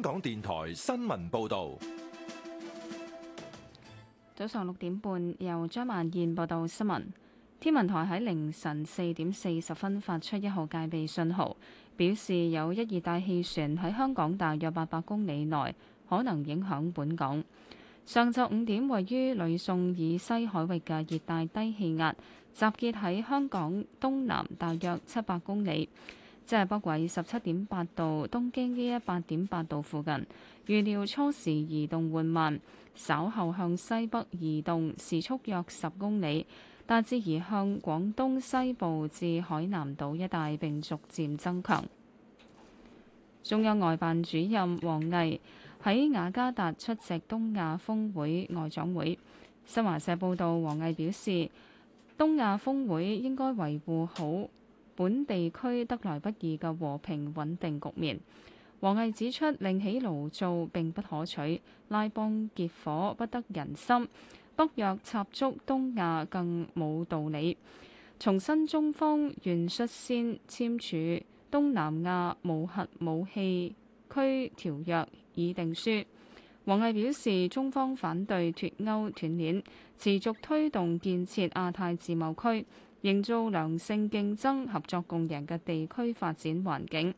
香港電台新聞報道。早上六點半，由張曼燕報道新聞。天文台喺凌晨四點四十分發出一號戒備信號，表示有一熱帶氣旋喺香港大約八百公里內可能影響本港。上晝五點，位於呂宋以西海域嘅熱帶低氣壓集結喺香港東南大約七百公里。即係北緯十七點八度，東經一一八點八度附近，預料初時移動緩慢，稍後向西北移動，時速約十公里，大致移向廣東西部至海南島一帶，並逐漸增強。中央外辦主任王毅喺雅加達出席東亞峰會外長會。新華社報道，王毅表示，東亞峰會應該維護好。本地區得來不易嘅和平穩定局面，王毅指出，另起爐灶並不可取，拉幫結伙不得人心，北約插足東亞更冇道理。重申中方願率先簽署東南亞無核武器區條約議定書。説王毅表示，中方反對脱歐斷鏈，持續推動建設亞太自貿區，營造良性競爭、合作共贏嘅地區發展環境。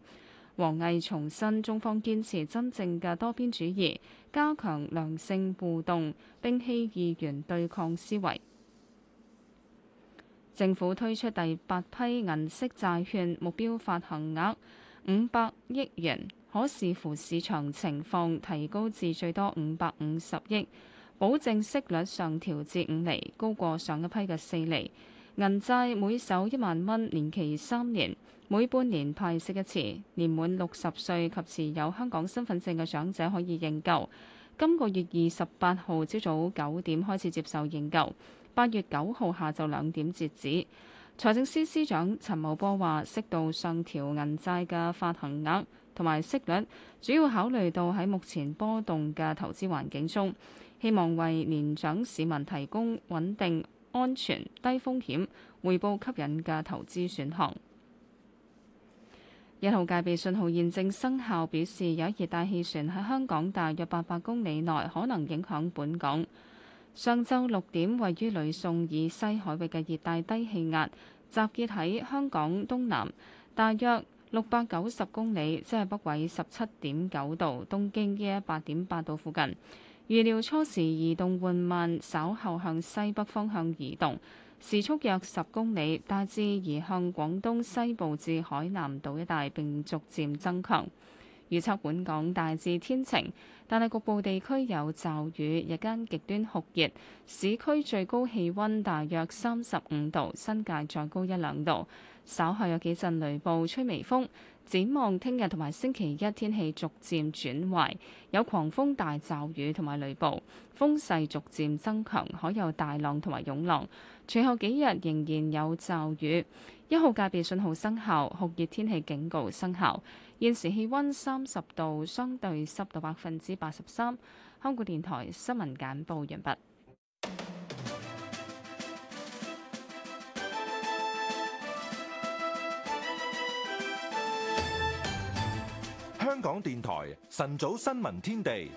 王毅重申，中方堅持真正嘅多邊主義，加強良性互動，摒棄二元對抗思維。政府推出第八批銀色債券，目標發行額五百億元，可視乎市場情況提高至最多五百五十億，保證息率上調至五厘，高過上一批嘅四厘。銀債每手一萬蚊，年期三年，每半年派息一次。年滿六十歲及持有香港身份證嘅長者可以認購。今個月二十八號朝早九點開始接受認購，八月九號下晝兩點截止。財政司司司長陳茂波話：適度上調銀債嘅發行額同埋息率，主要考慮到喺目前波動嘅投資環境中，希望為年長市民提供穩定、安全、低風險、回報吸引嘅投資選項。一號戒備信號現正生效，表示有熱帶氣旋喺香港大約八百公里內可能影響本港。上晝六點，位於呂宋以西海域嘅熱帶低氣壓集結喺香港東南大約六百九十公里，即係北緯十七點九度、東經一一八點八度附近。預料初時移動緩慢，稍後向西北方向移動，時速約十公里，大致移向廣東西部至海南島一帶，並逐漸增強。預測本港大致天晴，但係局部地區有驟雨，日間極端酷熱，市區最高氣溫大約三十五度，新界再高一兩度。稍後有幾陣雷暴，吹微風。展望聽日同埋星期一，天氣逐漸轉壞，有狂風大驟雨同埋雷暴，風勢逐漸增強，可有大浪同埋湧浪。隨後幾日仍然有驟雨。一號戒備信號生效，酷熱天氣警告生效。現時氣溫三十度，相對濕度百分之八十三。香港電台新聞簡報完畢。香港電台晨早新聞天地，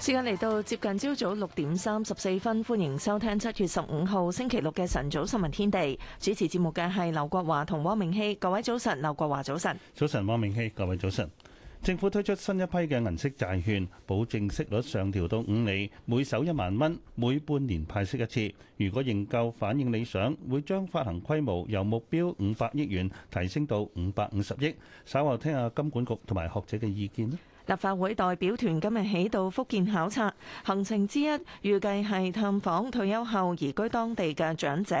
時間嚟到接近朝早六點三十四分，歡迎收聽七月十五號星期六嘅晨早新聞天地。主持節目嘅係劉國華同汪明熙，各位早晨，劉國華早晨，早晨，汪明熙，各位早晨。政府推出新一批嘅銀色債券，保證息率上調到五厘，每手一萬蚊，每半年派息一次。如果認購反應理想，會將發行規模由目標五百億元提升到五百五十億。稍後聽下金管局同埋學者嘅意見。立法會代表團今日起到福建考察，行程之一預計係探訪退休後移居當地嘅長者。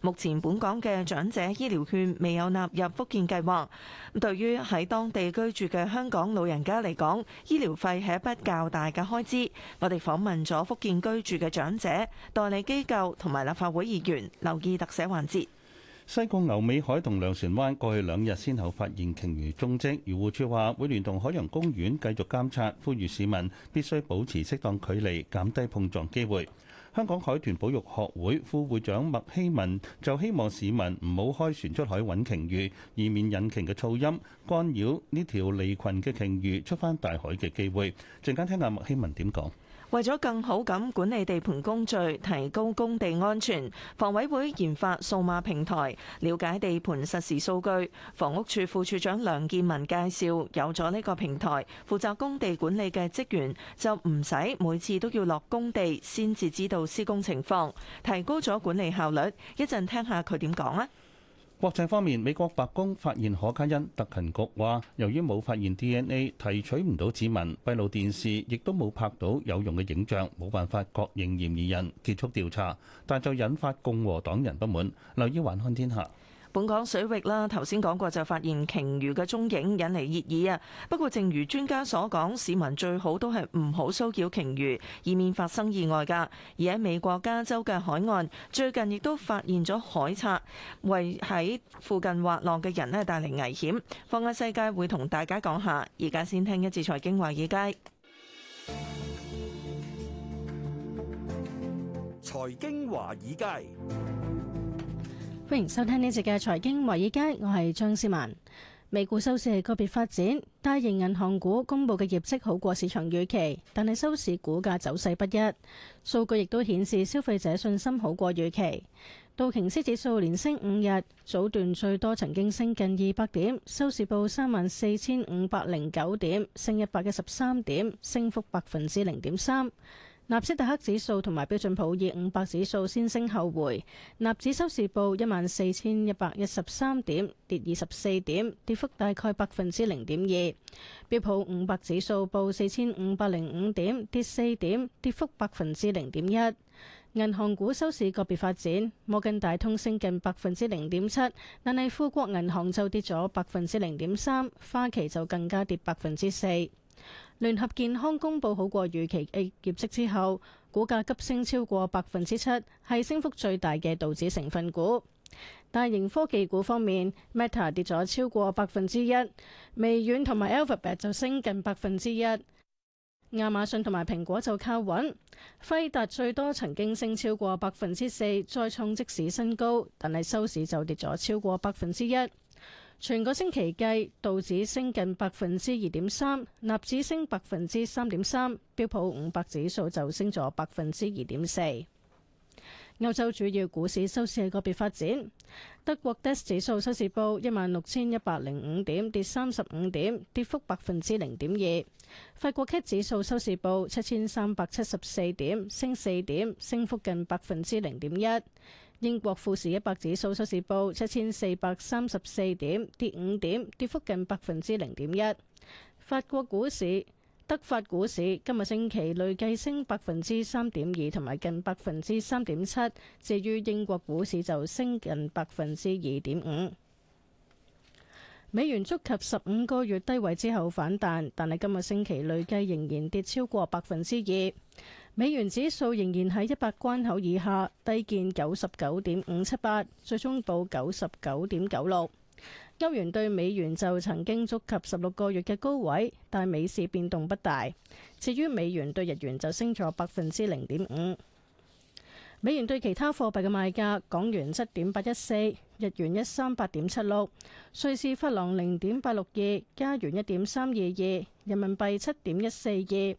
目前本港嘅長者醫療券未有納入福建計劃。咁對於喺當地居住嘅香港老人家嚟講，醫療費係一筆較大嘅開支。我哋訪問咗福建居住嘅長者、代理機構同埋立法會議員，留意特寫環節。西貢牛尾海同良船灣過去兩日先後發現鯨魚蹤跡，漁護署話會聯同海洋公園繼續監察，呼籲市民必須保持適當距離，減低碰撞機會。香港海豚保育學會副會長麥希文就希望市民唔好開船出海揾鯨魚，以免引擎嘅噪音干擾呢條離群嘅鯨魚出翻大海嘅機會。陣間聽下麥希文點講。為咗更好咁管理地盤工序，提高工地安全，房委會研發數碼平台，了解地盤實時數據。房屋處副處長梁建文介紹：有咗呢個平台，負責工地管理嘅職員就唔使每次都要落工地先至知道施工情況，提高咗管理效率。一陣聽下佢點講啊！國際方面，美國白宮發現可卡因，特勤局話由於冇發現 DNA，提取唔到指紋，閉路電視亦都冇拍到有用嘅影像，冇辦法確認嫌疑人，結束調查，但就引發共和黨人不滿。留意環看天下。本港水域啦，頭先講過就發現鯨魚嘅蹤影，引嚟熱議啊。不過正如專家所講，市民最好都係唔好騷擾鯨魚，以免發生意外噶。而喺美國加州嘅海岸，最近亦都發現咗海賊，為喺附近滑浪嘅人呢帶嚟危險。放眼世界，會同大家講下。而家先聽一次財經華爾街。財經華爾街。歡迎收聽呢節嘅財經華爾街，我係張思文。美股收市係個別發展，大型銀行股公佈嘅業績好過市場預期，但係收市股價走勢不一。數據亦都顯示消費者信心好過預期。道瓊斯指數連升五日，早段最多曾經升近二百點，收市報三萬四千五百零九點，升一百一十三點，升幅百分之零點三。納斯達克指數同埋標準普爾五百指數先升後回，納指收市報一萬四千一百一十三點，跌二十四點，跌幅大概百分之零點二。標普五百指數報四千五百零五點，跌四點，跌幅百分之零點一。銀行股收市個別發展，摩根大通升近百分之零點七，但係富國銀行就跌咗百分之零點三，花旗就更加跌百分之四。聯合健康公布好過預期嘅業績之後，股價急升超過百分之七，係升幅最大嘅道指成分股。大型科技股方面，Meta 跌咗超過百分之一，微軟同埋 Alphabet 就升近百分之一，亞馬遜同埋蘋果就靠穩。輝達最多曾經升超過百分之四，再創即時新高，但係收市就跌咗超過百分之一。全個星期計，道指升近百分之二點三，納指升百分之三點三，標普五百指數就升咗百分之二點四。歐洲主要股市收市係個別發展，德國 DAX 指數收市報一萬六千一百零五點，跌三十五點，跌幅百分之零點二。法國 CAC 指數收市報七千三百七十四點，升四點，升幅近百分之零點一。英國富時一百指數收市報七千四百三十四點，跌五點，跌幅近百分之零點一。法國股市、德法股市今個星期累計升百分之三點二，同埋近百分之三點七。至於英國股市就升近百分之二點五。美元觸及十五個月低位之後反彈，但係今個星期累計仍然跌超過百分之二。美元指數仍然喺一百關口以下，低見九十九點五七八，最終報九十九點九六。歐元對美元就曾經觸及十六個月嘅高位，但美市變動不大。至於美元對日元就升咗百分之零點五。美元對其他貨幣嘅賣價：港元七點八一四，日元一三八點七六，瑞士法郎零點八六二，加元一點三二二，人民幣七點一四二。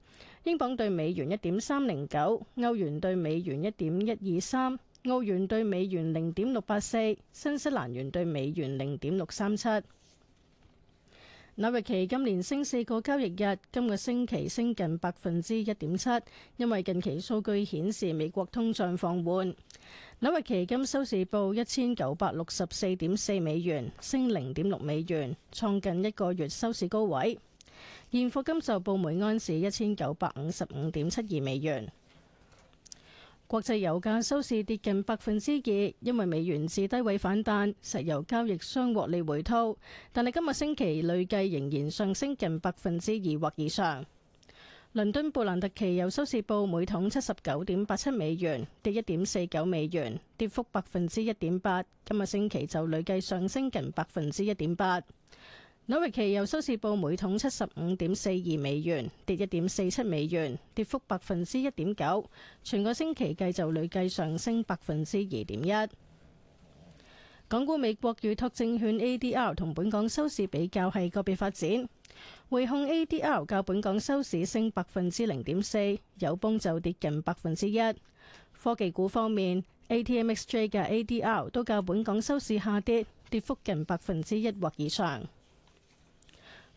英鎊對美元一點三零九，歐元對美元一點一二三，澳元對美元零點六八四，新西蘭元對美元零點六三七。紐約期今年升四個交易日，今個星期升近百分之一點七，因為近期數據顯示美國通脹放緩。紐約期金收市報一千九百六十四點四美元，升零點六美元，創近一個月收市高位。現貨金就報每安士一千九百五十五點七二美元。國際油價收市跌近百分之二，因為美元至低位反彈，石油交易商獲利回吐。但係今個星期累計仍然上升近百分之二或以上。倫敦布蘭特期油收市報每桶七十九點八七美元，跌一點四九美元，跌幅百分之一點八。今個星期就累計上升近百分之一點八。紐約期油收市報每桶七十五點四二美元，跌一點四七美元，跌幅百分之一點九。全個星期計就累計上升百分之二點一。港股美國預託證券 A D R 同本港收市比較係個別發展，匯控 A D R 較本港收市升百分之零點四，友邦就跌近百分之一。科技股方面，A T M X J 嘅 A D R 都較本港收市下跌，跌幅近百分之一或以上。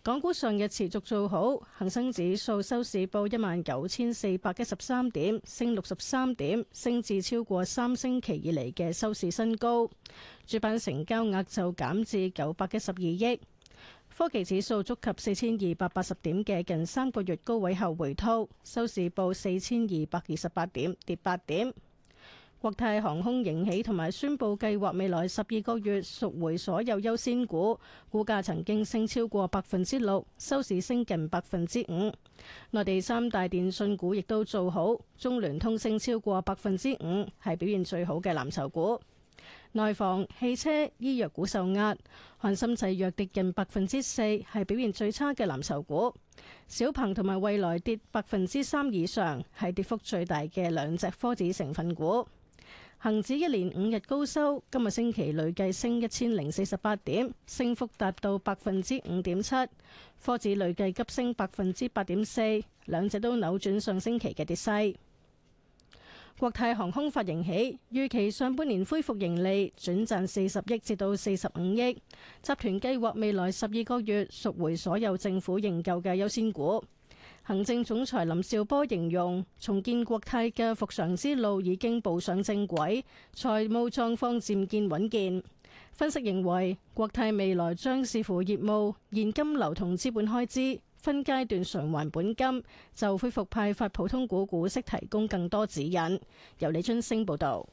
港股上日持續做好，恒生指數收市報一萬九千四百一十三點，升六十三點，升至超過三星期以嚟嘅收市新高。主板成交額就減至九百一十二億。科技指數觸及四千二百八十點嘅近三個月高位後回吐，收市報四千二百二十八點，跌八點。國泰航空迎起同埋，宣布計劃未來十二個月贖回所有優先股，股價曾經升超過百分之六，收市升近百分之五。內地三大電信股亦都做好，中聯通升超過百分之五，係表現最好嘅藍籌股。內房、汽車、醫藥股受壓，漢森製藥跌近百分之四，係表現最差嘅藍籌股。小鵬同埋蔚來跌百分之三以上，係跌幅最大嘅兩隻科指成分股。恆指一連五日高收，今日星期累計升一千零四十八點，升幅達到百分之五點七；科指累計急升百分之八點四，兩者都扭轉上星期嘅跌勢。國泰航空發盈喜，預期上半年恢復盈利，轉賺四十億至到四十五億。集團計劃未來十二個月贖回所有政府認購嘅優先股。行政總裁林紹波形容重建國泰嘅復常之路已經步上正軌，財務狀況漸見穩健。分析認為，國泰未來將視乎業務現金流同資本開支，分階段償還本金，就恢復派發普通股股息提供更多指引。由李春升報道。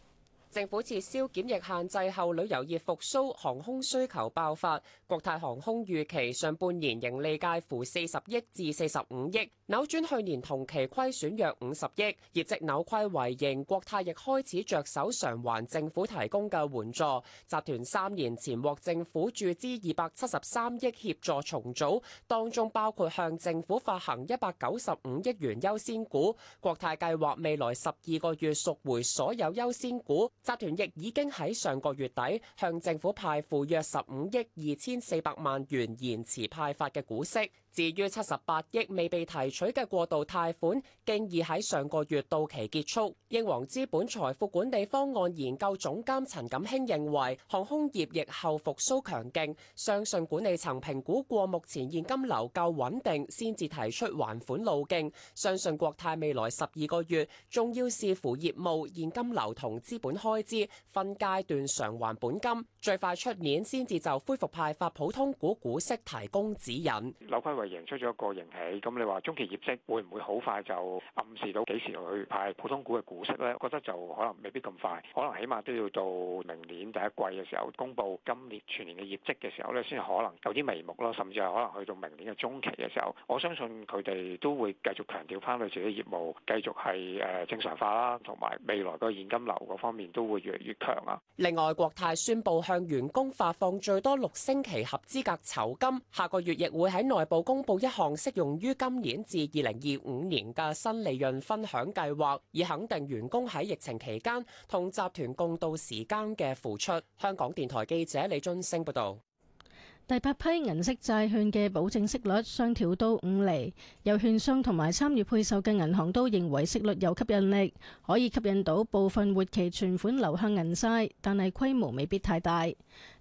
政府撤銷檢疫限制後，旅遊業復甦，航空需求爆發。國泰航空預期上半年盈利介乎四十億至四十五億，扭轉去年同期虧損約五十億，業績扭虧為盈。國泰亦開始着手償還政府提供嘅援助。集團三年前獲政府注資二百七十三億協助重組，當中包括向政府發行一百九十五億元優先股。國泰計劃未來十二個月贖回所有優先股。集團亦已經喺上個月底向政府派付約十五億二千四百萬元延遲派發嘅股息。至於七十八億未被提取嘅過渡貸款，經已喺上個月到期結束。英皇資本財富管理方案研究總監陳錦興認為，航空業疫後復甦強勁，相信管理層評估過目前現金流夠穩定，先至提出還款路徑。相信國泰未來十二個月仲要視乎業務現金流同資本開支，分階段償還本金，最快出年先至就恢復派發普通股股息提供指引。劉坤偉。贏出咗一個盈喜，咁你話中期業績會唔會好快就暗示到幾時去派普通股嘅股息呢？我覺得就可能未必咁快，可能起碼都要到明年第一季嘅時候公布今年全年嘅業績嘅時候呢，先可能有啲眉目咯。甚至係可能去到明年嘅中期嘅時候，我相信佢哋都會繼續強調返佢自己業務繼續係誒正常化啦，同埋未來個現金流嗰方面都會越嚟越強啊。另外，國泰宣布向員工發放最多六星期合資格酬金，下個月亦會喺內部公公布一項適用於今年至二零二五年嘅新利潤分享計劃，以肯定員工喺疫情期間同集團共度時艱嘅付出。香港電台記者李津升報道。第八批銀色債券嘅保證息率上調到五厘，有券商同埋參與配售嘅銀行都認為息率有吸引力，可以吸引到部分活期存款流向銀債，但係規模未必太大。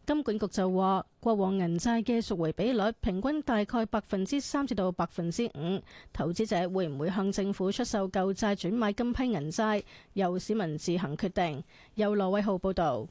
金管局就話過往銀債嘅贖回比率平均大概百分之三至到百分之五，投資者會唔會向政府出售舊債轉買今批銀債，由市民自行決定。由羅偉浩報道。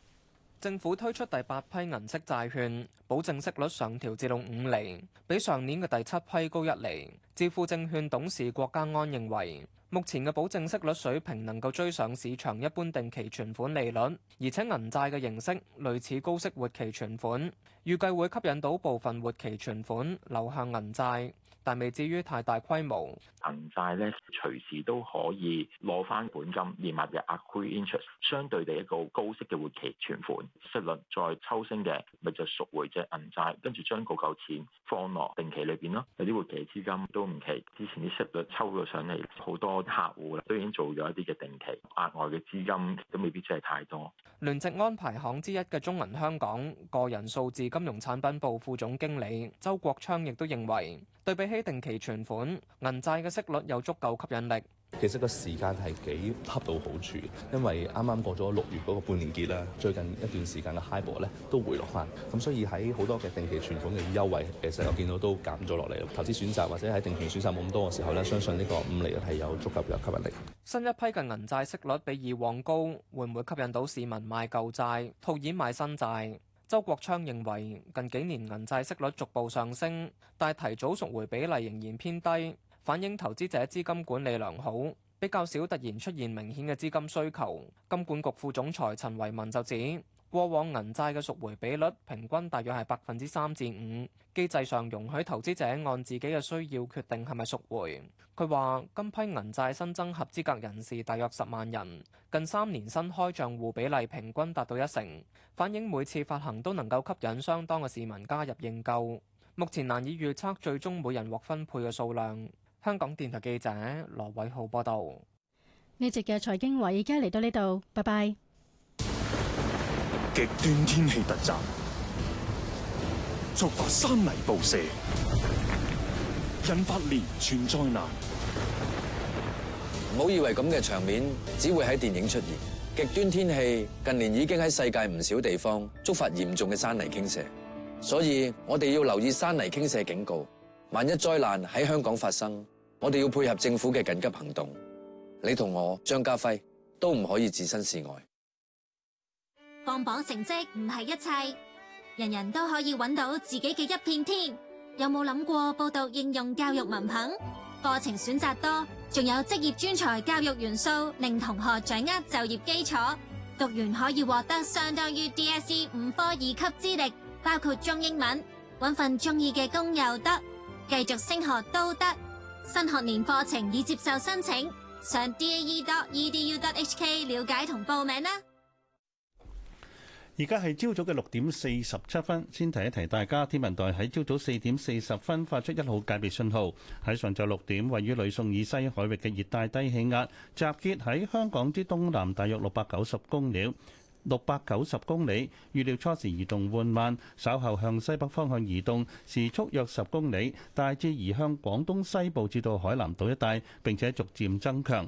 政府推出第八批銀色債券，保證息率上調至到五厘，比上年嘅第七批高一厘。致富證券董事郭家安認為，目前嘅保證息率水平能夠追上市場一般定期存款利率，而且銀債嘅形式類似高息活期存款，預計會吸引到部分活期存款流向銀債。但未至於太大規模，銀債咧隨時都可以攞翻本金，連埋壓區 interest，相對地一個高息嘅活期存款，息率再抽升嘅，咪就贖回隻銀債，跟住將嗰嚿錢放落定期裏邊咯。有啲活期資金都唔期。之前啲息率抽咗上嚟，好多客戶咧都已經做咗一啲嘅定期，額外嘅資金都未必真係太多。聯席安排行之一嘅中銀香港個人數字金融產品部副總經理周國昌亦都認為，對比。啲定期存款、銀債嘅息率有足夠吸引力。其實個時間係幾恰到好處，因為啱啱過咗六月嗰個半年結咧，最近一段時間嘅 HIBOR 咧都回落翻，咁所以喺好多嘅定期存款嘅優惠，其實我見到都減咗落嚟。投資選擇或者喺定期選擇冇咁多嘅時候咧，相信呢個五厘係有足夠嘅吸引力。新一批嘅銀債息率比以往高，會唔會吸引到市民賣舊債，套現賣新債？周國昌認為近幾年銀債息率逐步上升，但提早贖回比例仍然偏低，反映投資者資金管理良好，比較少突然出現明顯嘅資金需求。金管局副總裁陳維民就指。過往銀債嘅贖回比率平均大約係百分之三至五，機制上容許投資者按自己嘅需要決定係咪贖回。佢話今批銀債新增合資格人士大約十萬人，近三年新開賬戶比例平均達到一成，反映每次發行都能夠吸引相當嘅市民加入認購。目前難以預測最終每人獲分配嘅數量。香港電台記者羅偉浩報道。呢節嘅財經話，已經嚟到呢度，拜拜。極端天氣突襲，觸發山泥暴瀉，引發連串災難。唔好以為咁嘅場面只會喺電影出現。極端天氣近年已經喺世界唔少地方觸發嚴重嘅山泥傾瀉，所以我哋要留意山泥傾瀉警告。萬一災難喺香港發生，我哋要配合政府嘅緊急行動。你同我張家輝都唔可以置身事外。放榜成績唔係一切，人人都可以揾到自己嘅一片天。有冇諗過報讀應用教育文憑？課程選擇多，仲有職業專才教育元素，令同學掌握就業基礎。讀完可以獲得相當於 DSE 五科二級資歷，包括中英文，揾份中意嘅工又得，繼續升學都得。新學年課程已接受申請，上 d a e dot e d 而家係朝早嘅六點四十七分，先提一提大家。天文台喺朝早四點四十分發出一號戒備信號。喺上晝六點，位於呂宋以西海域嘅熱帶低氣壓集結喺香港之東南，大約六百九十公里。六百九十公里，預料初時移動緩慢，稍後向西北方向移動，時速約十公里，大致移向廣東西部至到海南島一帶，並且逐漸增強。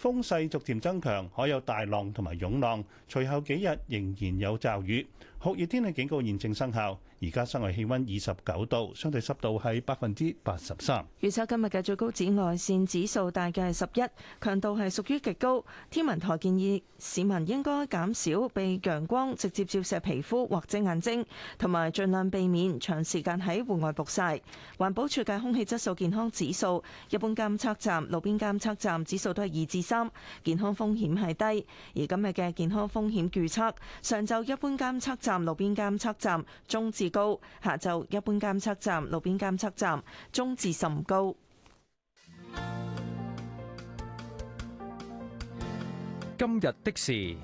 風勢逐漸增強，可有大浪同埋湧浪。隨後幾日仍然有驟雨。酷熱天氣警告現正生效，而家室外氣溫二十九度，相對濕度係百分之八十三。預測今日嘅最高紫外線指數大概係十一，強度係屬於極高。天文台建議市民應該減少被陽光直接照射皮膚或者眼睛，同埋盡量避免長時間喺戶外曝晒。環保署嘅空氣質素健康指數，一般監測站、路邊監測站指數都係二至三，健康風險係低。而今日嘅健康風險預測，上晝一般監測。站路邊監測站中至高，下晝一般監測站、路邊監測站中至甚高。今日的事，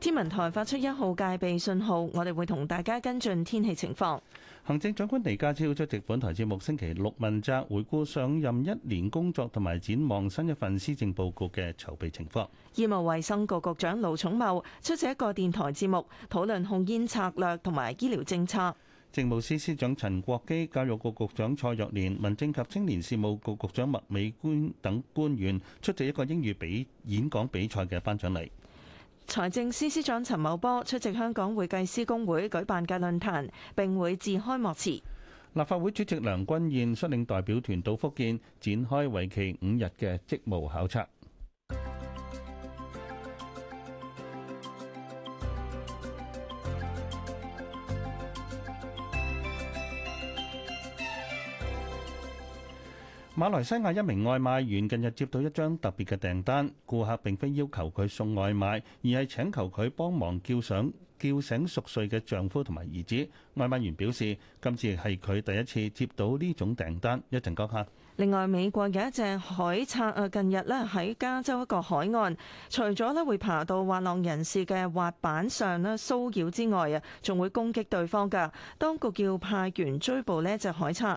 天文台發出一號戒備信號，我哋會同大家跟進天氣情況。行政長官李家超出席本台節目，星期六問責，回顧上任一年工作同埋展望新一份施政報告嘅籌備情況。業務衛生局局長盧寵茂出席一個電台節目，討論控煙策略同埋醫療政策。政務司司長陳國基、教育局局長蔡若蓮、民政及青年事務局局局長麥美官等官員出席一個英語比演講比賽嘅頒獎禮。財政司司長陳茂波出席香港會計師公會舉辦嘅論壇，並會致開幕詞。立法會主席梁君彥率領代表團到福建展開為期五日嘅職務考察。馬來西亞一名外賣員近日接到一張特別嘅訂單，顧客並非要求佢送外賣，而係請求佢幫忙叫醒叫醒熟睡嘅丈夫同埋兒子。外賣員表示，今次係佢第一次接到呢種訂單。一陣講下。另外，美國有一隻海賊啊，近日咧喺加州一個海岸，除咗咧會爬到滑浪人士嘅滑板上咧騷擾之外啊，仲會攻擊對方㗎。當局叫派員追捕呢一隻海賊。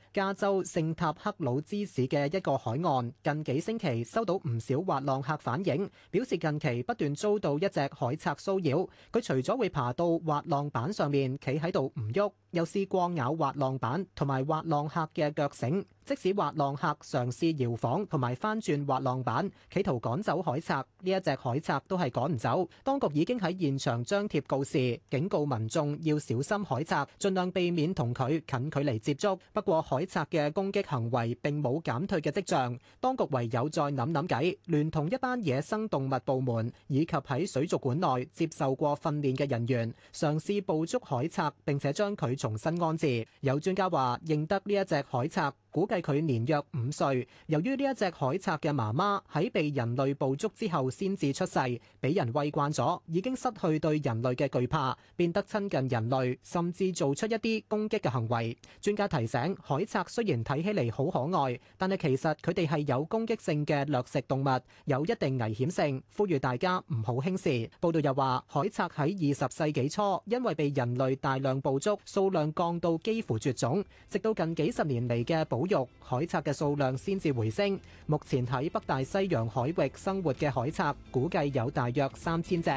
加州聖塔克魯芝市嘅一個海岸，近幾星期收到唔少滑浪客反映，表示近期不斷遭到一隻海賊騷擾，佢除咗會爬到滑浪板上面，企喺度唔喐，又試過咬滑浪板同埋滑浪客嘅腳繩，即使滑浪客嘗試搖晃同埋翻轉滑浪板，企圖趕走海賊，呢一隻海賊都係趕唔走。當局已經喺現場張貼告示，警告民眾要小心海賊，盡量避免同佢近距離接觸。不過海賊嘅攻擊行為並冇減退嘅跡象，當局唯有再諗諗計，聯同一班野生動物部門以及喺水族館內接受過訓練嘅人員，嘗試捕捉海賊並且將佢重新安置，有專家話認得呢一隻海賊。估計佢年約五歲。由於呢一隻海賊嘅媽媽喺被人類捕捉之後先至出世，俾人餵慣咗，已經失去對人類嘅懼怕，變得親近人類，甚至做出一啲攻擊嘅行為。專家提醒，海賊雖然睇起嚟好可愛，但係其實佢哋係有攻擊性嘅掠食動物，有一定危險性，呼籲大家唔好輕視。報道又話，海賊喺二十世紀初因為被人類大量捕捉，數量降到幾乎絕種，直到近幾十年嚟嘅捕保育海賊嘅數量先至回升。目前喺北大西洋海域生活嘅海賊估計有大約三千隻。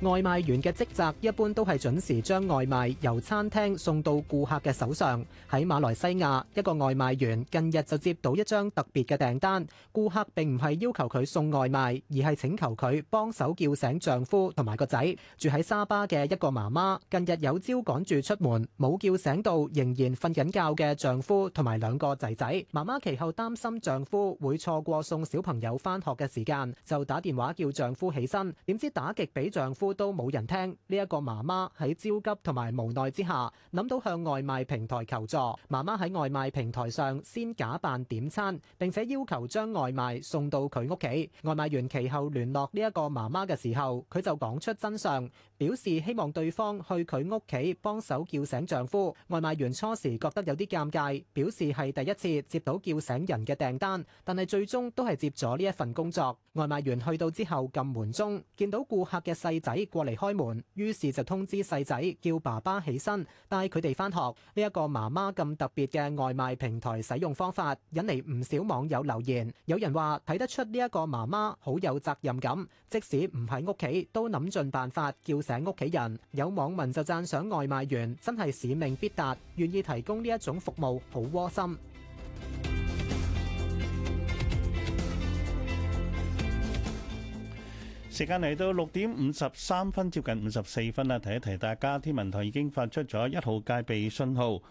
外賣員嘅職責一般都係準時將外賣由餐廳送到顧客嘅手上。喺馬來西亞，一個外賣員近日就接到一張特別嘅訂單，顧客並唔係要求佢送外賣，而係請求佢幫手叫醒丈夫同埋個仔。住喺沙巴嘅一個媽媽近日有朝趕住出門，冇叫醒到仍然瞓緊覺嘅丈夫同埋兩個仔仔。媽媽其後擔心丈夫會錯過送小朋友返學嘅時間，就打電話叫丈夫起身，點知打極俾丈夫，都冇人聽。呢一個媽媽喺焦急同埋無奈之下，諗到向外賣平台求助。媽媽喺外賣平台上先假扮點餐，並且要求將外賣送到佢屋企。外賣員其後聯絡呢一個媽媽嘅時候，佢就講出真相。表示希望對方去佢屋企幫手叫醒丈夫。外賣員初時覺得有啲尷尬，表示係第一次接到叫醒人嘅訂單，但係最終都係接咗呢一份工作。外賣員去到之後撳門鐘，見到顧客嘅細仔過嚟開門，於是就通知細仔叫爸爸起身，帶佢哋翻學。呢一個媽媽咁特別嘅外賣平台使用方法，引嚟唔少網友留言。有人話睇得出呢一個媽媽好有責任感，即使唔喺屋企，都諗盡辦法叫醒屋企人，有網民就讚賞外賣員真係使命必達，願意提供呢一種服務，好窩心。時間嚟到六點五十三分，接近五十四分啦，提一提大家，天文台已經發出咗一號戒備信號。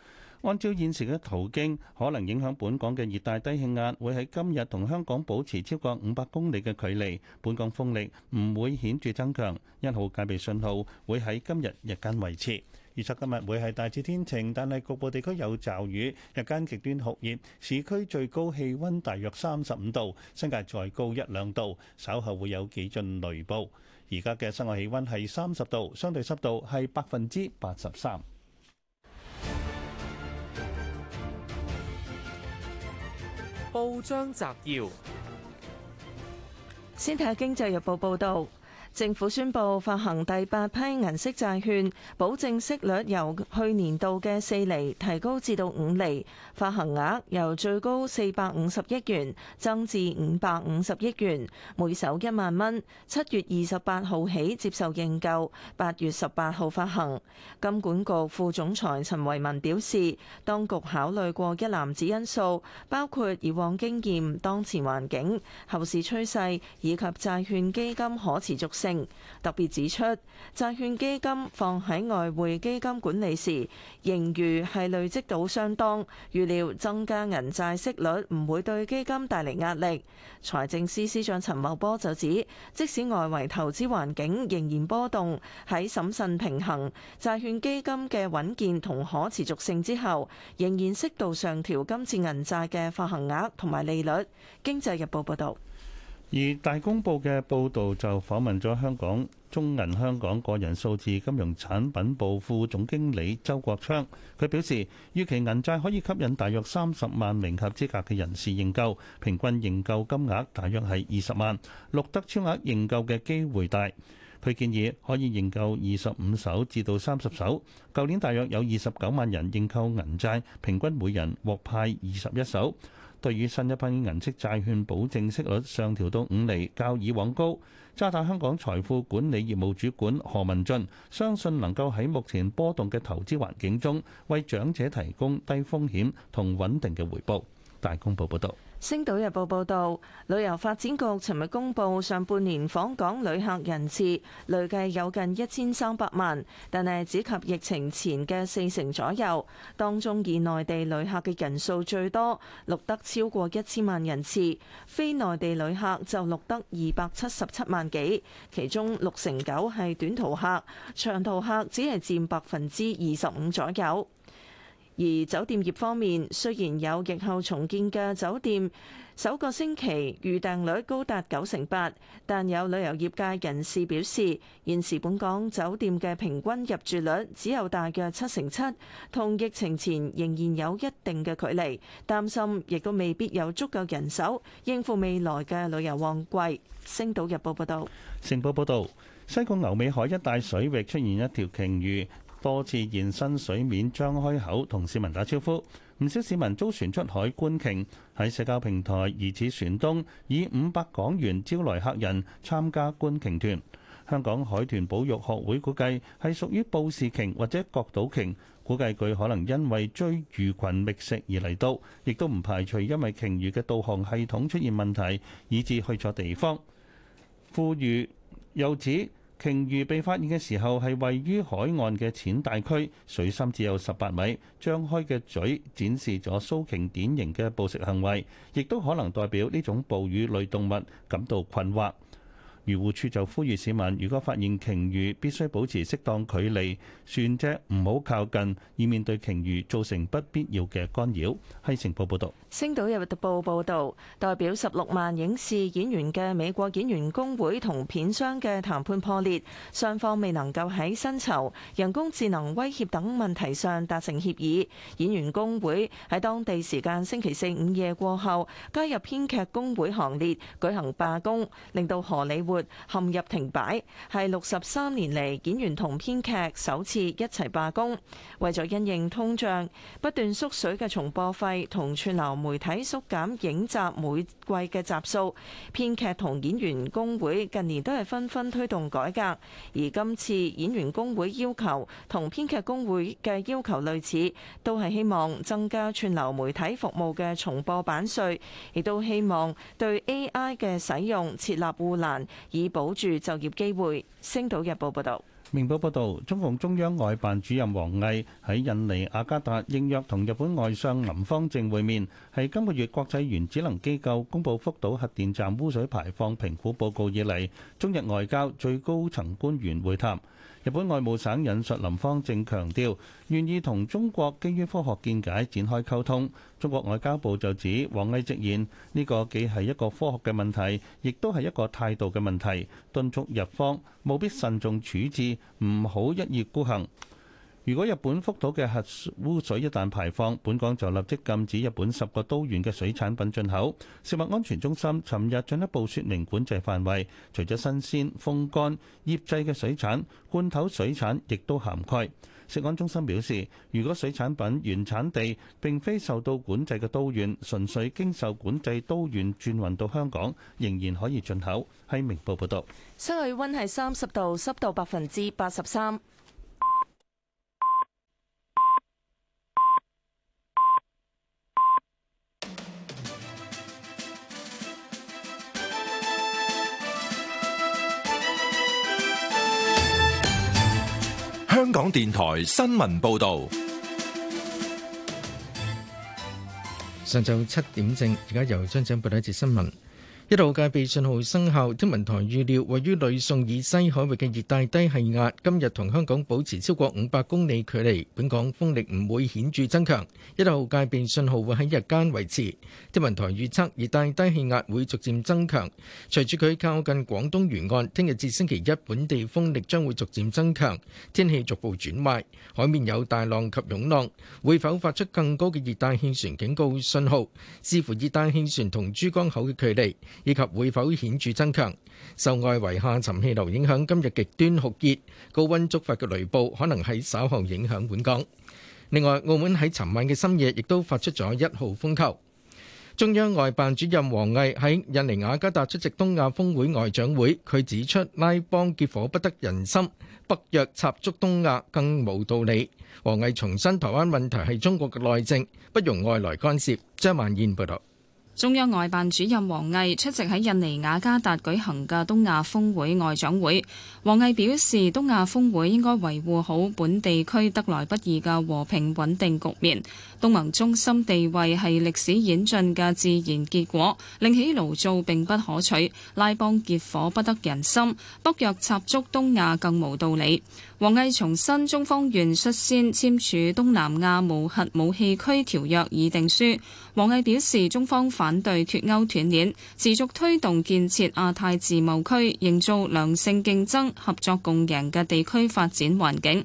按照現時嘅途徑，可能影響本港嘅熱帶低氣壓會喺今日同香港保持超過五百公里嘅距離，本港風力唔會顯著增強。一號戒備信號會喺今日日間維持。預測今日會係大致天晴，但係局部地區有驟雨，日間極端酷熱，市區最高氣温大約三十五度，新界再高一兩度，稍後會有幾陣雷暴。而家嘅室外氣温係三十度，相對濕度係百分之八十三。報章摘要：先睇下《經濟日報》報道。政府宣布發行第八批銀色債券，保證息率由去年度嘅四厘提高至到五厘，發行額由最高四百五十億元增至五百五十億元，每手一萬蚊。七月二十八號起接受認購，八月十八號發行。金管局副總裁陳維文表示，當局考慮過一籃子因素，包括以往經驗、當前環境、後市趨勢以及債券基金可持續。特別指出，債券基金放喺外匯基金管理時，盈餘係累積到相當。預料增加銀債息率唔會對基金帶嚟壓力。財政司司長陳茂波就指，即使外圍投資環境仍然波動，喺審慎平衡債券基金嘅穩健同可持續性之後，仍然適度上調今次銀債嘅發行額同埋利率。經濟日報報道。而大公報嘅報導就訪問咗香港中銀香港個人數字金融產品部副總經理周國昌，佢表示預期銀債可以吸引大約三十萬名合資格嘅人士認購，平均認購金額大約係二十萬，錄得超額認購嘅機會大。佢建議可以認購二十五手至到三十手。舊年大約有二十九萬人認購銀債，平均每人獲派二十一手。對於新一批銀色債券保證息率上調到五厘，較以往高。渣打香港財富管理業務主管何文俊相信能夠喺目前波動嘅投資環境中，為長者提供低風險同穩定嘅回報。大公報報道。星島日報報導，旅遊發展局尋日公布上半年訪港旅客人次累計有近一千三百萬，但係只及疫情前嘅四成左右。當中以內地旅客嘅人數最多，錄得超過一千萬人次；非內地旅客就錄得二百七十七萬幾，其中六成九係短途客，長途客只係佔百分之二十五左右。而酒店業方面，雖然有疫後重建嘅酒店，首個星期預訂率高達九成八，但有旅遊業界人士表示，現時本港酒店嘅平均入住率只有大約七成七，同疫情前仍然有一定嘅距離，擔心亦都未必有足夠人手應付未來嘅旅遊旺季。星島日報報道：「星報報道，西貢牛尾海一帶水域出現一條鯨魚。多次現身水面張開口同市民打招呼，唔少市民租船出海觀鯨，喺社交平台疑似船東以五百港元招來客人參加觀鯨團。香港海豚保育學會估計係屬於布氏鯨或者角島鯨，估計佢可能因為追魚群覓食而嚟到，亦都唔排除因為鯨魚嘅導航系統出現問題，以致去錯地方。富裕又指。鯨魚被發現嘅時候係位於海岸嘅淺大區，水深只有十八米，張開嘅嘴展示咗鬚鯨典型嘅捕食行為，亦都可能代表呢種哺乳類動物感到困惑。漁護處就呼籲市民，如果發現鯨魚，必須保持適當距離，船隻唔好靠近，以免對鯨魚造成不必要嘅干擾。係晨報報道。星島日報報道，代表十六萬影視演員嘅美國演員工會同片商嘅談判破裂，雙方未能夠喺薪酬、人工智能威脅等問題上達成協議。演員工會喺當地時間星期四午夜過後加入編劇工會行列，舉行罷工，令到荷里活陷入停擺，係六十三年嚟，演員同編劇首次一齊罷工。為咗因應通脹不斷縮水嘅重播費同串流媒體縮減影集每季嘅集數，編劇同演員工會近年都係紛紛推動改革。而今次演員工會要求同編劇工會嘅要求類似，都係希望增加串流媒體服務嘅重播版稅，亦都希望對 A.I. 嘅使用設立護欄。以保住就業機會。星島日報報道。明報報道，中共中央外辦主任王毅喺印尼雅加達應約同日本外相林芳正會面，係今個月國際原子能機構公布福島核電站污水排放評估報告以嚟，中日外交最高層官員會談。日本外務省引述林芳正強調，願意同中國基於科學見解展開溝通。中國外交部就指，王毅直言呢個既係一個科學嘅問題，亦都係一個態度嘅問題，敦促日方務必慎重處置，唔好一意孤行。如果日本福島嘅核污水一旦排放，本港就立即禁止日本十個都縣嘅水產品進口。食物安全中心尋日進一步說明管制範圍，除咗新鮮、風乾、醃製嘅水產，罐頭水產亦都涵蓋。食安中心表示，如果水產品原產地並非受到管制嘅都縣，純粹經受管制都縣轉運到香港，仍然可以進口。喺明報報道。室外溫係三十度，濕度百分之八十三。香港電台新聞報道，上晝七點正，而家由張展報道一節新聞。一號戒備信號生效，天文台預料位於呂宋以西海域嘅熱帶低氣壓今日同香港保持超過五百公里距離，本港風力唔會顯著增強。一號戒備信號會喺日間維持。天文台預測熱帶低氣壓會逐漸增強，隨住佢靠近廣東沿岸，聽日至星期一本地風力將會逐漸增強，天氣逐步轉壞，海面有大浪及湧浪。會否發出更高嘅熱帶氣旋警告信號，視乎熱帶氣旋同珠江口嘅距離。以及會否顯著增強？受外圍下沉氣流影響，今日極端酷熱，高溫觸發嘅雷暴可能喺稍後影響本港。另外，澳門喺尋晚嘅深夜亦都發出咗一號風球。中央外辦主任王毅喺印尼雅加達出席東亞峯會外長會，佢指出拉幫結夥不得人心，北約插足東亞更無道理。王毅重申台灣問題係中國嘅內政，不容外來干涉。張萬燕報導。中央外辦主任王毅出席喺印尼雅加達舉行嘅東亞峰會外長會。王毅表示，東亞峰會應該維護好本地區得來不易嘅和平穩定局面。東盟中心地位係歷史演進嘅自然結果，另起爐灶並不可取，拉幫結夥不得人心，北約插足東亞更無道理。王毅重申，中方願率先簽署東南亞無核武器區條約議定書。王毅表示，中方反對脫鈎斷鏈，持續推動建設亞太自貿區，營造良性競爭、合作共贏嘅地區發展環境。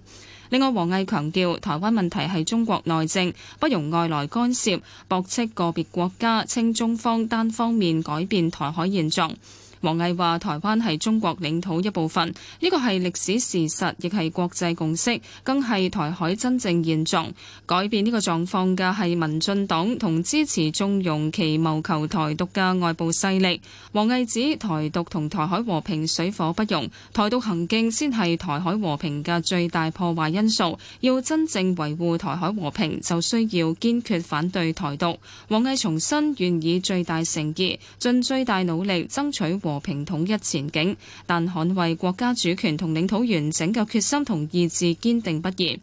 另外，王毅強調，台灣問題係中國內政，不容外來干涉，駁斥個別國家稱中方單方面改變台海現狀。王毅話：台灣係中國領土一部分，呢個係歷史事實，亦係國際共識，更係台海真正現狀。改變呢個狀況嘅係民進黨同支持縱容其謀求台獨嘅外部勢力。王毅指台獨同台海和平水火不容，台獨行徑先係台海和平嘅最大破壞因素。要真正維護台海和平，就需要堅決反對台獨。王毅重申願以最大誠意，盡最大努力爭取和平統一前景，但捍衛國家主權同領土完整嘅決心同意志堅定不移。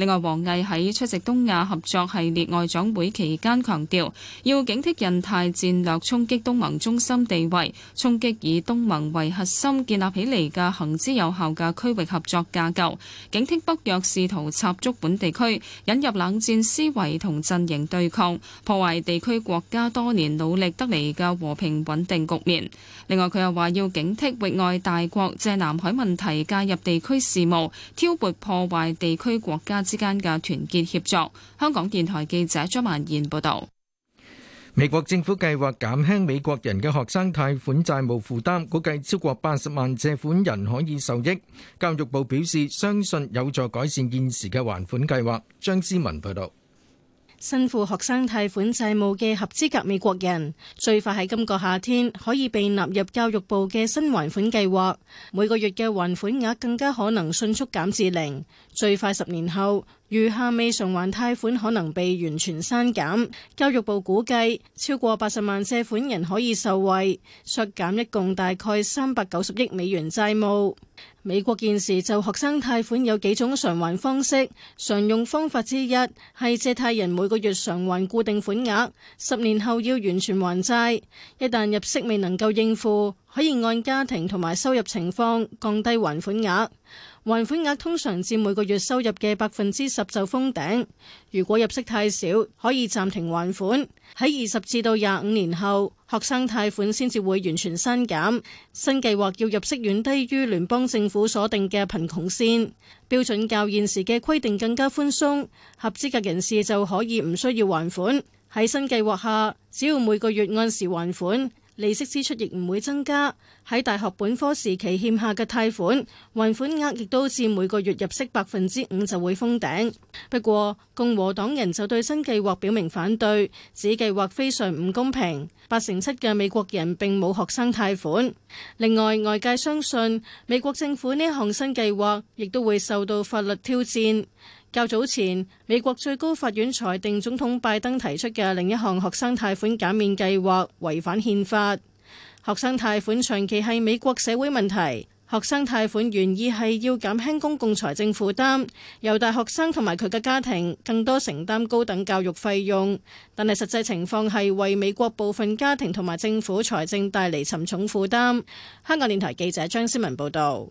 另外，王毅喺出席東亞合作系列外長會期間強調，要警惕印太戰略衝擊東盟中心地位，衝擊以東盟為核心建立起嚟嘅行之有效嘅區域合作架構，警惕北約試圖插足本地區引入冷戰思維同陣營對抗，破壞地區國家多年努力得嚟嘅和平穩定局面。另外，佢又話要警惕域外大國借南海問題介入地區事務挑撥破壞地區國家。之間嘅團結協作。香港電台記者張萬燕報道，美國政府計劃減輕美國人嘅學生貸款債務負擔，估計超過八十萬借款人可以受益。教育部表示，相信有助改善現時嘅還款計劃。張思文報道。身負學生貸款債務嘅合資格美國人，最快喺今個夏天可以被納入教育部嘅新還款計劃，每個月嘅還款額更加可能迅速減至零，最快十年後。餘下未償還貸款可能被完全刪減，教育部估計超過八十萬借款人可以受惠，削減一共大概三百九十億美元債務。美國現時就學生貸款有幾種償還方式，常用方法之一係借貸人每個月償還固定款額，十年後要完全還債，一旦入息未能夠應付，可以按家庭同埋收入情況降低還款額。還款額通常佔每個月收入嘅百分之十就封頂。如果入息太少，可以暫停還款。喺二十至到廿五年後，學生貸款先至會完全刪減。新計劃要入息遠低於聯邦政府所定嘅貧窮線標準，較現時嘅規定更加寬鬆。合資格人士就可以唔需要還款。喺新計劃下，只要每個月按時還款。利息支出亦唔會增加，喺大學本科時期欠下嘅貸款，還款額亦都至每個月入息百分之五就會封頂。不過共和黨人就對新計劃表明反對，指計劃非常唔公平。八成七嘅美國人並冇學生貸款。另外，外界相信美國政府呢項新計劃亦都會受到法律挑戰。較早前，美國最高法院裁定總統拜登提出嘅另一項學生貸款減免計劃違反憲法。學生貸款長期係美國社會問題，學生貸款原意係要減輕公共財政負擔，由大學生同埋佢嘅家庭更多承擔高等教育費用，但係實際情況係為美國部分家庭同埋政府財政帶嚟沉重負擔。香港電台記者張思文報道。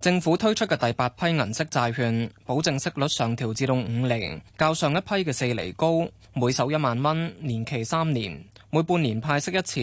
政府推出嘅第八批銀色債券，保證息率上調至到五厘，較上一批嘅四厘高。每手一萬蚊，年期三年，每半年派息一次。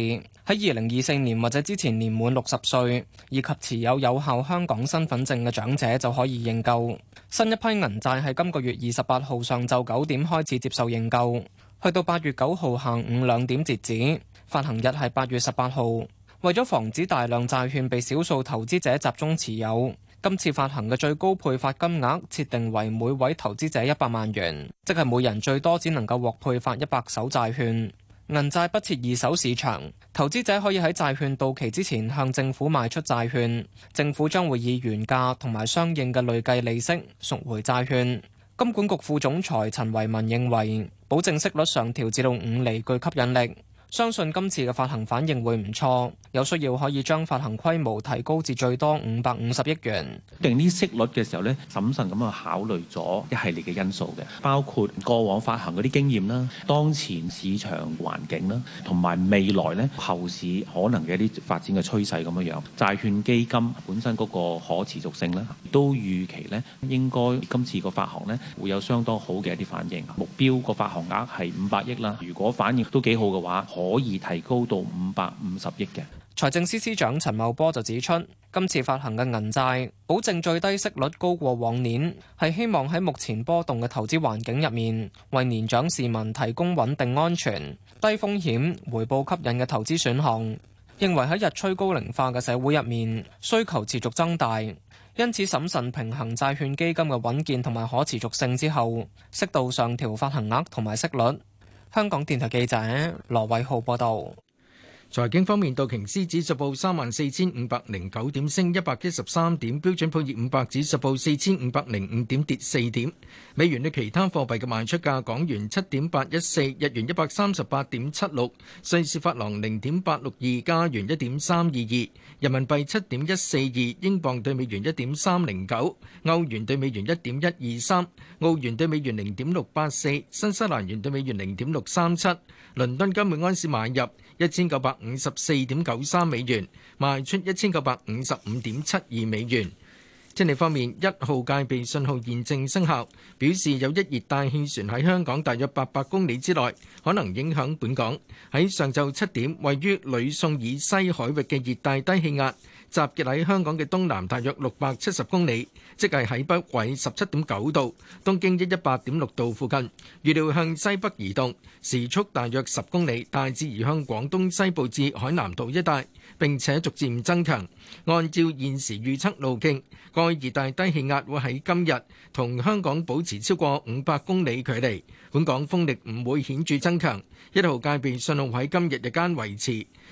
喺二零二四年或者之前年滿六十歲，以及持有有效香港身份證嘅長者就可以認購。新一批銀債係今個月二十八號上晝九點開始接受認購，去到八月九號下午兩點截止。發行日係八月十八號，為咗防止大量債券被少數投資者集中持有。今次發行嘅最高配發金額設定為每位投資者一百萬元，即係每人最多只能夠獲配發一百手債券。銀債不設二手市場，投資者可以喺債券到期之前向政府賣出債券，政府將會以原價同埋相應嘅累計利息贖回債券。金管局副總裁陳維民認為，保證息率上調至到五厘，具吸引力。相信今次嘅發行反應會唔錯，有需要可以將發行規模提高至最多五百五十億元。定啲息率嘅時候咧，審慎咁樣考慮咗一系列嘅因素嘅，包括過往發行嗰啲經驗啦、當前市場環境啦，同埋未來咧後市可能嘅一啲發展嘅趨勢咁樣樣。債券基金本身嗰個可持續性啦，都預期咧應該今次個發行咧會有相當好嘅一啲反應啊。目標個發行額係五百億啦，如果反應都幾好嘅話，可以提高到五百五十億嘅。財政司司長陳茂波就指出，今次發行嘅銀債保證最低息率高過往年，係希望喺目前波動嘅投資環境入面，為年長市民提供穩定、安全、低風險回報吸引嘅投資選項，認為喺日趨高齡化嘅社會入面，需求持續增大，因此審慎平衡債券基金嘅穩健同埋可持續性之後適度上調發行額同埋息率。香港電台記者羅偉浩報道。財經方面，道瓊斯指數報三萬四千五百零九點，升一百一十三點。標準普爾五百指數報四千五百零五點，跌四點。美元對其他貨幣嘅賣出價：港元七點八一四，日元一百三十八點七六，瑞士法郎零點八六二，加元一點三二二，人民幣七點一四二，英鎊對美元一點三零九，歐元對美元一點一二三，澳元對美元零點六八四，新西蘭元對美元零點六三七。倫敦金每安士買入。一千九百五十四點九三美元，賣出一千九百五十五點七二美元。天氣方面，一號戒備信號現正生效，表示有一熱帶氣旋喺香港大約八百公里之內，可能影響本港。喺上晝七點，位於呂宋以西海域嘅熱帶低氣壓，集結喺香港嘅東南大約六百七十公里。即係喺北緯十七點九度、東經一一八點六度附近，預料向西北移動，時速大約十公里，大致移向廣東西部至海南島一帶，並且逐漸增強。按照現時預測路徑，該熱帶低氣壓會喺今日同香港保持超過五百公里距離，本港風力唔會顯著增強。一號戒備信號喺今日日間維持。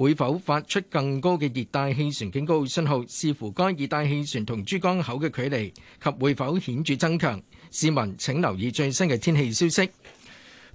會否發出更高嘅熱帶氣旋警告信號，視乎該熱帶氣旋同珠江口嘅距離，及會否顯著增強。市民請留意最新嘅天氣消息。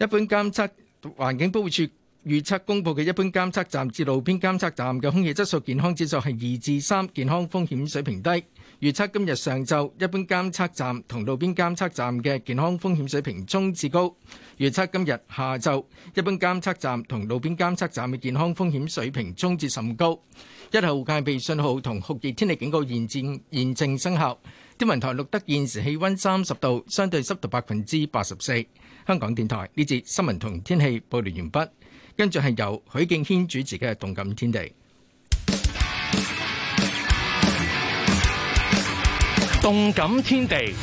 一般監測環境保護署預測公佈嘅一般監測站至路邊監測站嘅空氣質素健康指數係二至三，健康風險水平低。預測今日上晝，一般監測站同路邊監測站嘅健康風險水平中至高。預測今日下晝，一般監測站同路邊監測站嘅健康風險水平中至甚高。一號戒備信號同酷熱天氣警告現正現正生效。天文台錄得現時氣温三十度，相對濕度百分之八十四。香港電台呢節新聞同天氣報聯完畢，跟住係由許敬軒主持嘅《動感天地》。動感天地，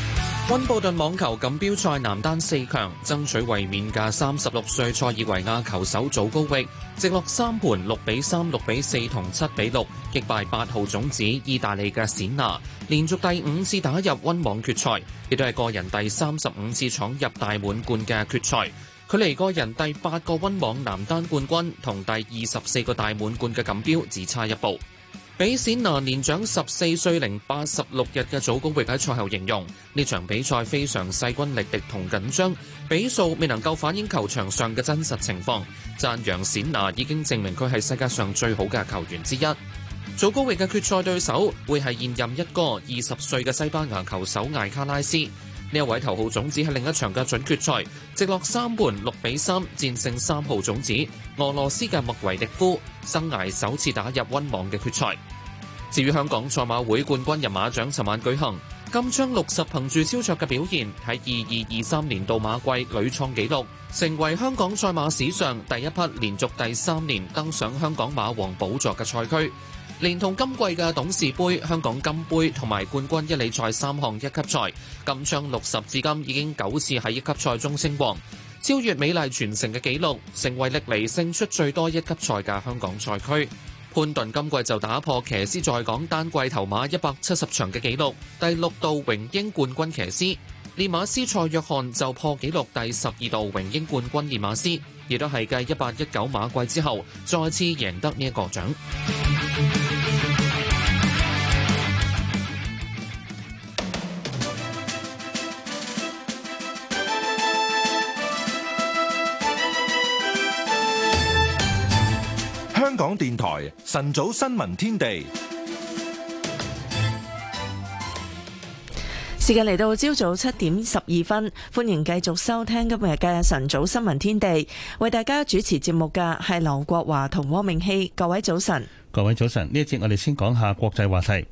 溫布頓網球錦標賽男單四強，爭取衛冕嘅三十六歲塞爾維亞球手祖高域，直落三盤六比三、六比四同七比六擊敗八號種子意大利嘅冼拿，連續第五次打入温網決賽，亦都係個人第三十五次闖入大滿貫嘅決賽，距離個人第八個温網男單冠軍同第二十四個大滿貫嘅錦標只差一步。比冼拿年長十四歲零八十六日嘅祖高域喺賽後形容呢場比賽非常勢均力敵同緊張，比數未能夠反映球場上嘅真實情況，讚揚冼拿已經證明佢係世界上最好嘅球員之一。祖高域嘅決賽對手會係現任一哥二十歲嘅西班牙球手艾卡拉斯。呢一位頭號種子喺另一場嘅準決賽，直落三盤六比三戰勝三號種子俄羅斯嘅莫維迪夫，生涯首次打入溫網嘅決賽。至於香港賽馬會冠軍人馬獎尋晚舉行，金鎗六十憑住超卓嘅表現，喺二二二三年度馬季屢創紀錄，成為香港賽馬史上第一匹連續第三年登上香港馬王寶座嘅賽駒。連同今季嘅董事杯、香港金杯同埋冠軍一哩賽三項一級賽，金槍六十至今已經九次喺一級賽中稱王，超越美麗傳承嘅紀錄，成為歷嚟勝出最多一級賽嘅香港賽區。潘頓今季就打破騎師在港單季頭馬一百七十場嘅紀錄，第六度榮膺冠軍騎師。練馬師蔡約翰就破紀錄第十二度榮膺冠軍練馬師，亦都係繼一八一九馬季之後，再次贏得呢一個獎。香港電台晨早新聞天地。時間嚟到朝早七點十二分，歡迎繼續收聽今日嘅晨早新聞天地。為大家主持節目嘅係劉國華同汪明熙。各位早晨。各位早晨，呢一節我哋先講下國際話題。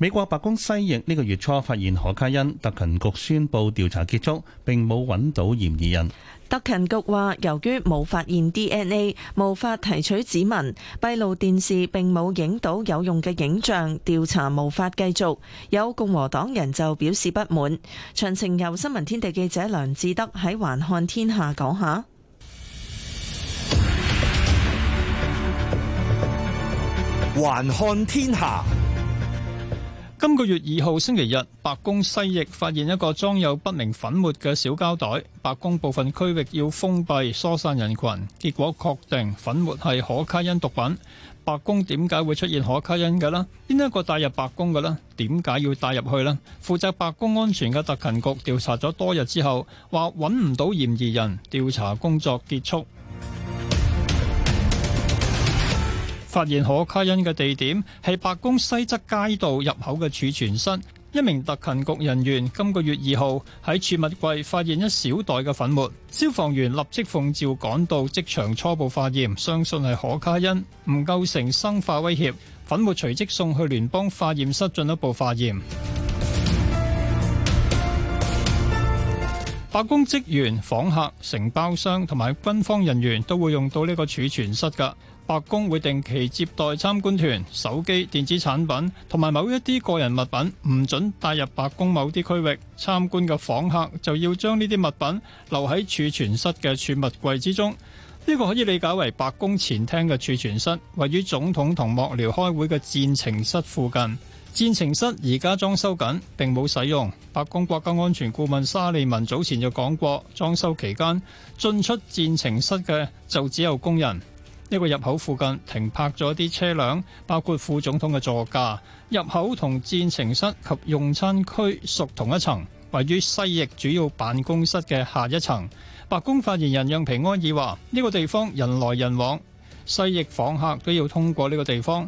美國白宮西翼呢個月初發現可卡因，特勤局宣佈調查結束，並冇揾到嫌疑人。特勤局話，由於冇發現 DNA，無法提取指紋，閉路電視並冇影到有用嘅影像，調查無法繼續。有共和黨人就表示不滿。詳情由新聞天地記者梁志德喺《橫看天下》講下，《橫看天下》。今個月二號星期日，白宮西翼發現一個裝有不明粉末嘅小膠袋，白宮部分區域要封閉疏散人群，結果確定粉末係可卡因毒品。白宮點解會出現可卡因嘅呢？邊一個帶入白宮嘅呢？點解要帶入去呢？負責白宮安全嘅特勤局調查咗多日之後，話揾唔到嫌疑人，調查工作結束。發現可卡因嘅地點係白宮西側街道入口嘅儲存室。一名特勤局人員今個月二號喺儲物櫃發現一小袋嘅粉末，消防員立即奉召趕到即場初步化驗，相信係可卡因，唔構成生化威脅。粉末隨即送去聯邦化驗室進一步化驗。白宮職員、訪客、承包商同埋軍方人員都會用到呢個儲存室㗎。白宮會定期接待參觀團，手機、電子產品同埋某一啲個人物品唔准帶入白宮某啲區域。參觀嘅訪客就要將呢啲物品留喺儲存室嘅儲物櫃之中。呢個可以理解為白宮前廳嘅儲存室，位於總統同幕僚開會嘅戰情室附近。戰情室而家裝修緊，並冇使用。白宮國家安全顧問沙利文早前就講過，裝修期間進出戰情室嘅就只有工人。呢個入口附近停泊咗啲車輛，包括副總統嘅座駕。入口同戰情室及用餐區屬同一層，位於西翼主要辦公室嘅下一層。白宮發言人讓平安以話：呢、這個地方人來人往，西翼訪客都要通過呢個地方。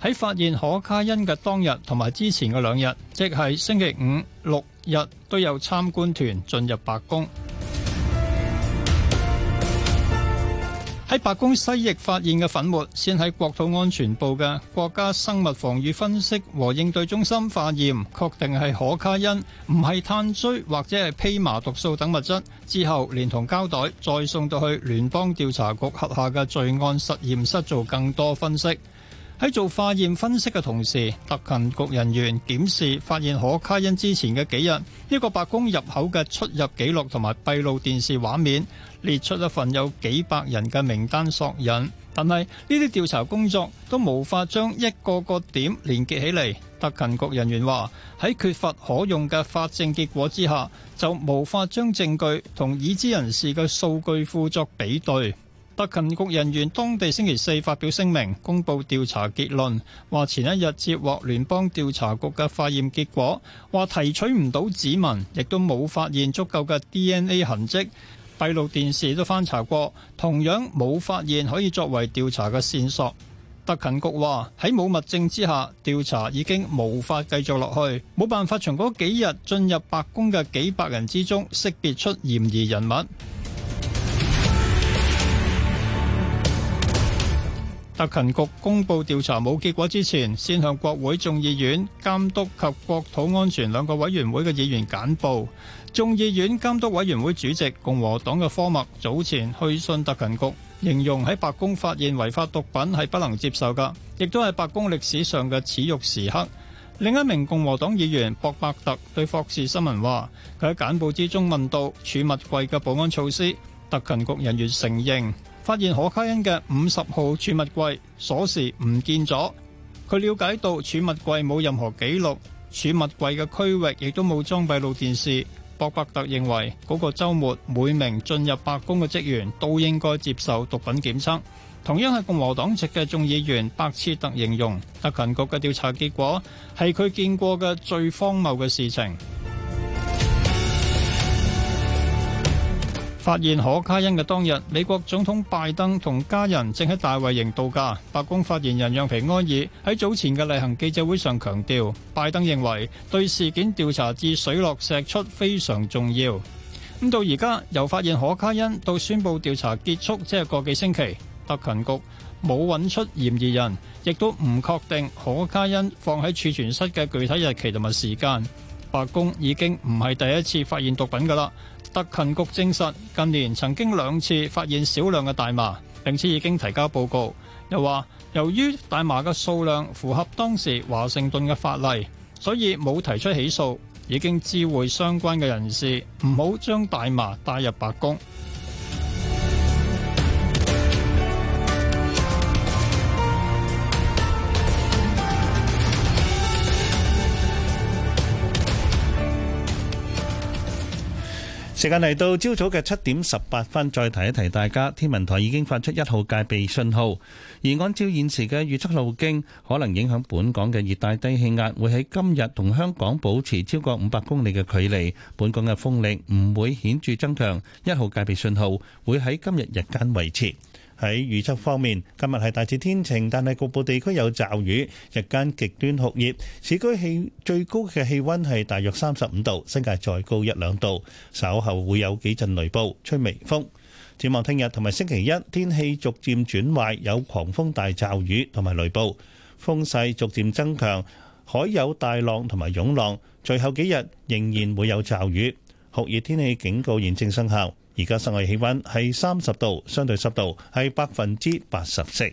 喺發現可卡因嘅當日同埋之前嘅兩日，即係星期五六日，都有參觀團進入白宮。喺白宮西翼發現嘅粉末，先喺國土安全部嘅國家生物防禦分析和應對中心化驗，確定係可卡因，唔係炭疽或者係蓖麻毒素等物質。之後連同膠袋再送到去聯邦調查局轄下嘅罪案實驗室做更多分析。喺做化驗分析嘅同時，特勤局人員檢視發現可卡因之前嘅幾日，一個白宮入口嘅出入記錄同埋閉路電視畫面，列出一份有幾百人嘅名單索引。但係呢啲調查工作都無法將一個個點連結起嚟。特勤局人員話：喺缺乏可用嘅法證結果之下，就無法將證據同已知人士嘅數據庫作比對。特勤局人員當地星期四發表聲明，公布調查結論，話前一日接獲聯邦調查局嘅化驗結果，話提取唔到指紋，亦都冇發現足夠嘅 DNA 痕跡。閉路電視都翻查過，同樣冇發現可以作為調查嘅線索。特勤局話，喺冇物證之下，調查已經無法繼續落去，冇辦法從嗰幾日進入白宮嘅幾百人之中識別出嫌疑人物。特勤局公布調查冇結果之前，先向國會眾議院監督及國土安全兩個委員會嘅議員簡報。眾議院監督委員會主席共和黨嘅科麥早前去信特勤局，形容喺白宮發現違法毒品係不能接受噶，亦都係白宮歷史上嘅恥辱時刻。另一名共和黨議員博伯特對霍士新聞話，佢喺簡報之中問到儲物櫃嘅保安措施，特勤局人員承認。發現可卡因嘅五十號儲物櫃鎖匙唔見咗，佢了解到儲物櫃冇任何記錄，儲物櫃嘅區域亦都冇裝閉路電視。博伯特認為嗰個周末每名進入白宮嘅職員都應該接受毒品檢測。同樣係共和黨籍嘅眾議員白切特形容特勤局嘅調查結果係佢見過嘅最荒謬嘅事情。發現可卡因嘅當日，美國總統拜登同家人正喺大衛營度假。白宮發言人讓皮埃爾喺早前嘅例行記者會上強調，拜登認為對事件調查至水落石出非常重要。咁到而家由發現可卡因到宣佈調查結束，即係個幾星期，特勤局冇揾出嫌疑人，亦都唔確定可卡因放喺儲存室嘅具體日期同埋時間。白宮已經唔係第一次發現毒品㗎喇。特勤局證實，近年曾經兩次發現少量嘅大麻，並且已經提交報告。又話，由於大麻嘅數量符合當時華盛頓嘅法例，所以冇提出起訴，已經知會相關嘅人士唔好將大麻帶入白宮。時間嚟到朝早嘅七點十八分，再提一提大家，天文台已經發出一號戒備信號，而按照現時嘅預測路徑，可能影響本港嘅熱帶低氣壓會喺今日同香港保持超過五百公里嘅距離，本港嘅風力唔會顯著增強，一號戒備信號會喺今日日間維持。喺預測方面，今日係大致天晴，但係局部地區有驟雨，日間極端酷熱。市區氣最高嘅氣温係大約三十五度，新界再高一兩度。稍後會有幾陣雷暴，吹微風。展望聽日同埋星期一，天氣逐漸轉壞，有狂風大驟雨同埋雷暴，風勢逐漸增強，海有大浪同埋湧浪。最後幾日仍然會有驟雨，酷熱天氣警告現正生效。而家室外氣温係三十度，相對濕度係百分之八十四。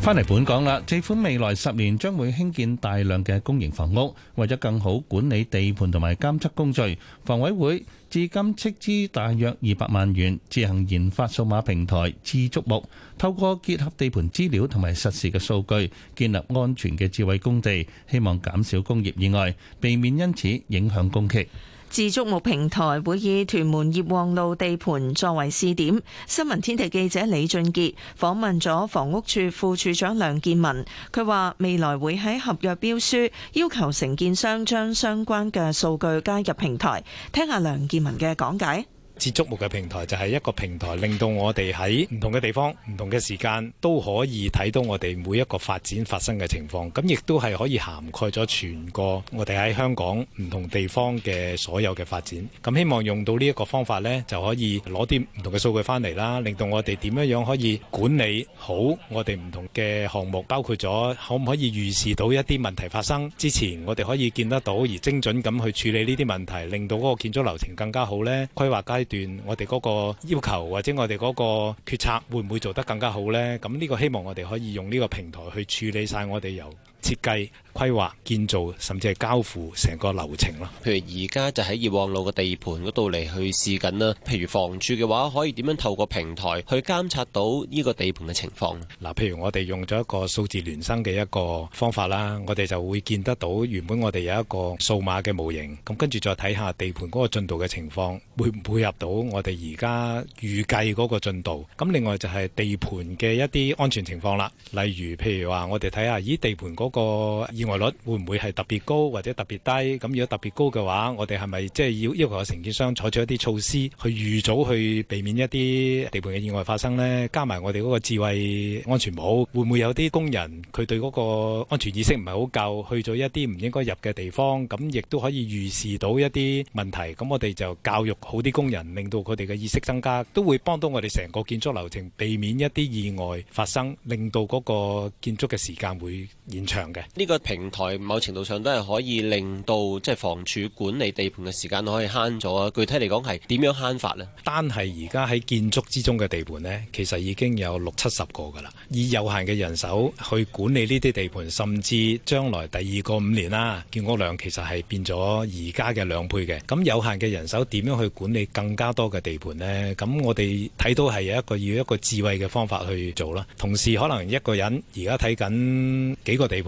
翻嚟本港啦！政府未來十年將會興建大量嘅公營房屋，為咗更好管理地盤同埋監測工序，房委會至今斥資大約二百萬元，自行研發數碼平台智足木，透過結合地盤資料同埋實時嘅數據，建立安全嘅智慧工地，希望減少工業意外，避免因此影響工期。自足木平台會以屯門業旺路地盤作為試點。新聞天地記者李俊傑訪問咗房屋署副署長梁建文，佢話未來會喺合約標書要求承建商將相關嘅數據加入平台。聽下梁建文嘅講解。接觸目嘅平台就係一個平台，令到我哋喺唔同嘅地方、唔同嘅時間都可以睇到我哋每一個發展發生嘅情況。咁亦都係可以涵蓋咗全個我哋喺香港唔同地方嘅所有嘅發展。咁希望用到呢一個方法咧，就可以攞啲唔同嘅數據翻嚟啦，令到我哋點樣樣可以管理好我哋唔同嘅項目，包括咗可唔可以預示到一啲問題發生之前，我哋可以見得到而精準咁去處理呢啲問題，令到嗰個建築流程更加好咧。規劃界。段我哋嗰個要求或者我哋嗰個決策會唔會做得更加好咧？咁呢個希望我哋可以用呢個平台去處理晒我哋由。設計、規劃、建造，甚至係交付成個流程咯。譬如而家就喺業旺路嘅地盤嗰度嚟去試緊啦。譬如房署嘅話，可以點樣透過平台去監察到呢個地盤嘅情況？嗱，譬如我哋用咗一個數字孿生嘅一個方法啦，我哋就會見得到原本我哋有一個數碼嘅模型，咁跟住再睇下地盤嗰個進度嘅情況，會唔配合到我哋而家預計嗰個進度？咁另外就係地盤嘅一啲安全情況啦，例如譬如話我哋睇下咦，地盤嗰個意外率會唔會係特別高或者特別低？咁如果特別高嘅話，我哋係咪即係要要求個承建商採取一啲措施去預早去避免一啲地盤嘅意外發生呢？加埋我哋嗰個智慧安全帽，會唔會有啲工人佢對嗰個安全意識唔係好夠，去咗一啲唔應該入嘅地方？咁亦都可以預示到一啲問題。咁我哋就教育好啲工人，令到佢哋嘅意識增加，都會幫到我哋成個建築流程避免一啲意外發生，令到嗰個建築嘅時間會延長。嘅呢個平台，某程度上都係可以令到即係、就是、房署管理地盤嘅時間可以慳咗啊！具體嚟講係點樣慳法呢？單係而家喺建築之中嘅地盤呢，其實已經有六七十個㗎啦。以有限嘅人手去管理呢啲地盤，甚至將來第二個五年啦，建屋量其實係變咗而家嘅兩倍嘅。咁有限嘅人手點樣去管理更加多嘅地盤呢？咁我哋睇到係有一個要一個智慧嘅方法去做啦。同時，可能一個人而家睇緊幾個地盤。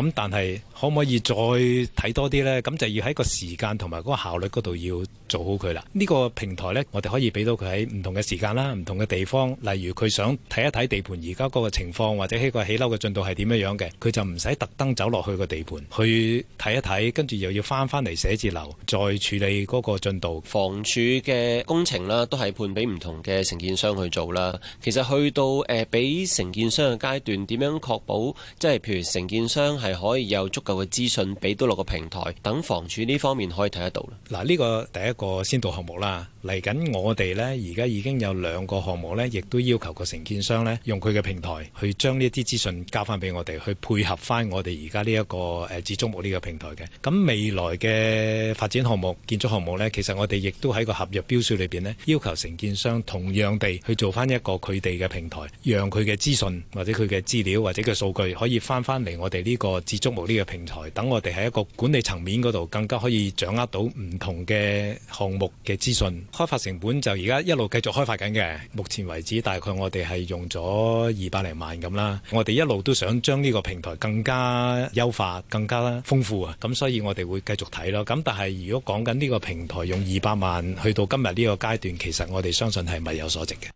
咁但係可唔可以再睇多啲咧？咁就要喺個時間同埋個效率嗰度要做好佢啦。呢個平台咧，我哋可以俾到佢喺唔同嘅時間啦，唔同嘅地方。例如佢想睇一睇地盤而家嗰個情況或者喺個起樓嘅進度係點樣樣嘅，佢就唔使特登走落去個地盤去睇一睇，跟住又要翻翻嚟寫字樓再處理嗰個進度。房署嘅工程啦，都係判俾唔同嘅承建商去做啦。其實去到誒俾承建商嘅階段，點樣確保即係譬如承建商係。係可以有足夠嘅資訊俾到落個平台，等房署呢方面可以睇得到。嗱，呢個第一個先導項目啦。嚟緊，我哋呢，而家已經有兩個項目呢，亦都要求個承建商呢，用佢嘅平台去將呢啲資訊交翻俾我哋，去配合翻我哋而家呢一個誒自足木呢個平台嘅。咁未來嘅發展項目、建築項目呢，其實我哋亦都喺個合約標書裏邊呢，要求承建商同樣地去做翻一個佢哋嘅平台，讓佢嘅資訊或者佢嘅資料或者佢嘅數據可以翻翻嚟我哋呢個自足木呢個平台，等我哋喺一個管理層面嗰度更加可以掌握到唔同嘅項目嘅資訊。開發成本就而家一路繼續開發緊嘅，目前為止大概我哋係用咗二百零萬咁啦。我哋一路都想將呢個平台更加優化、更加啦豐富啊。咁所以我哋會繼續睇咯。咁但係如果講緊呢個平台用二百萬去到今日呢個階段，其實我哋相信係物有所值嘅。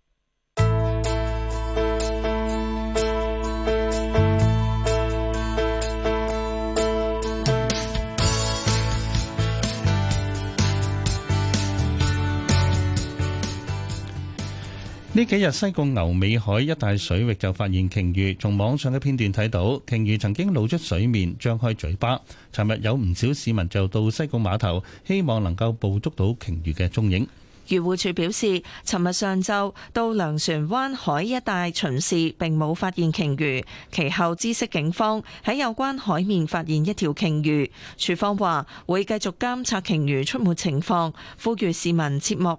呢幾日西貢牛尾海一帶水域就發現鯨魚，從網上嘅片段睇到，鯨魚曾經露出水面，張開嘴巴。尋日有唔少市民就到西貢碼頭，希望能夠捕捉到鯨魚嘅蹤影。漁護署表示，尋日上晝到糧船灣海一帶巡視，並冇發現鯨魚。其後知悉警方喺有關海面發現一條鯨魚，署方話會繼續監察鯨魚出沒情況，呼籲市民切莫。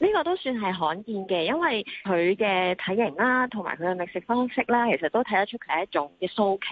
呢個都算係罕見嘅，因為佢嘅體型啦、啊，同埋佢嘅覓食方式啦、啊，其實都睇得出佢係一種嘅鬚鯨。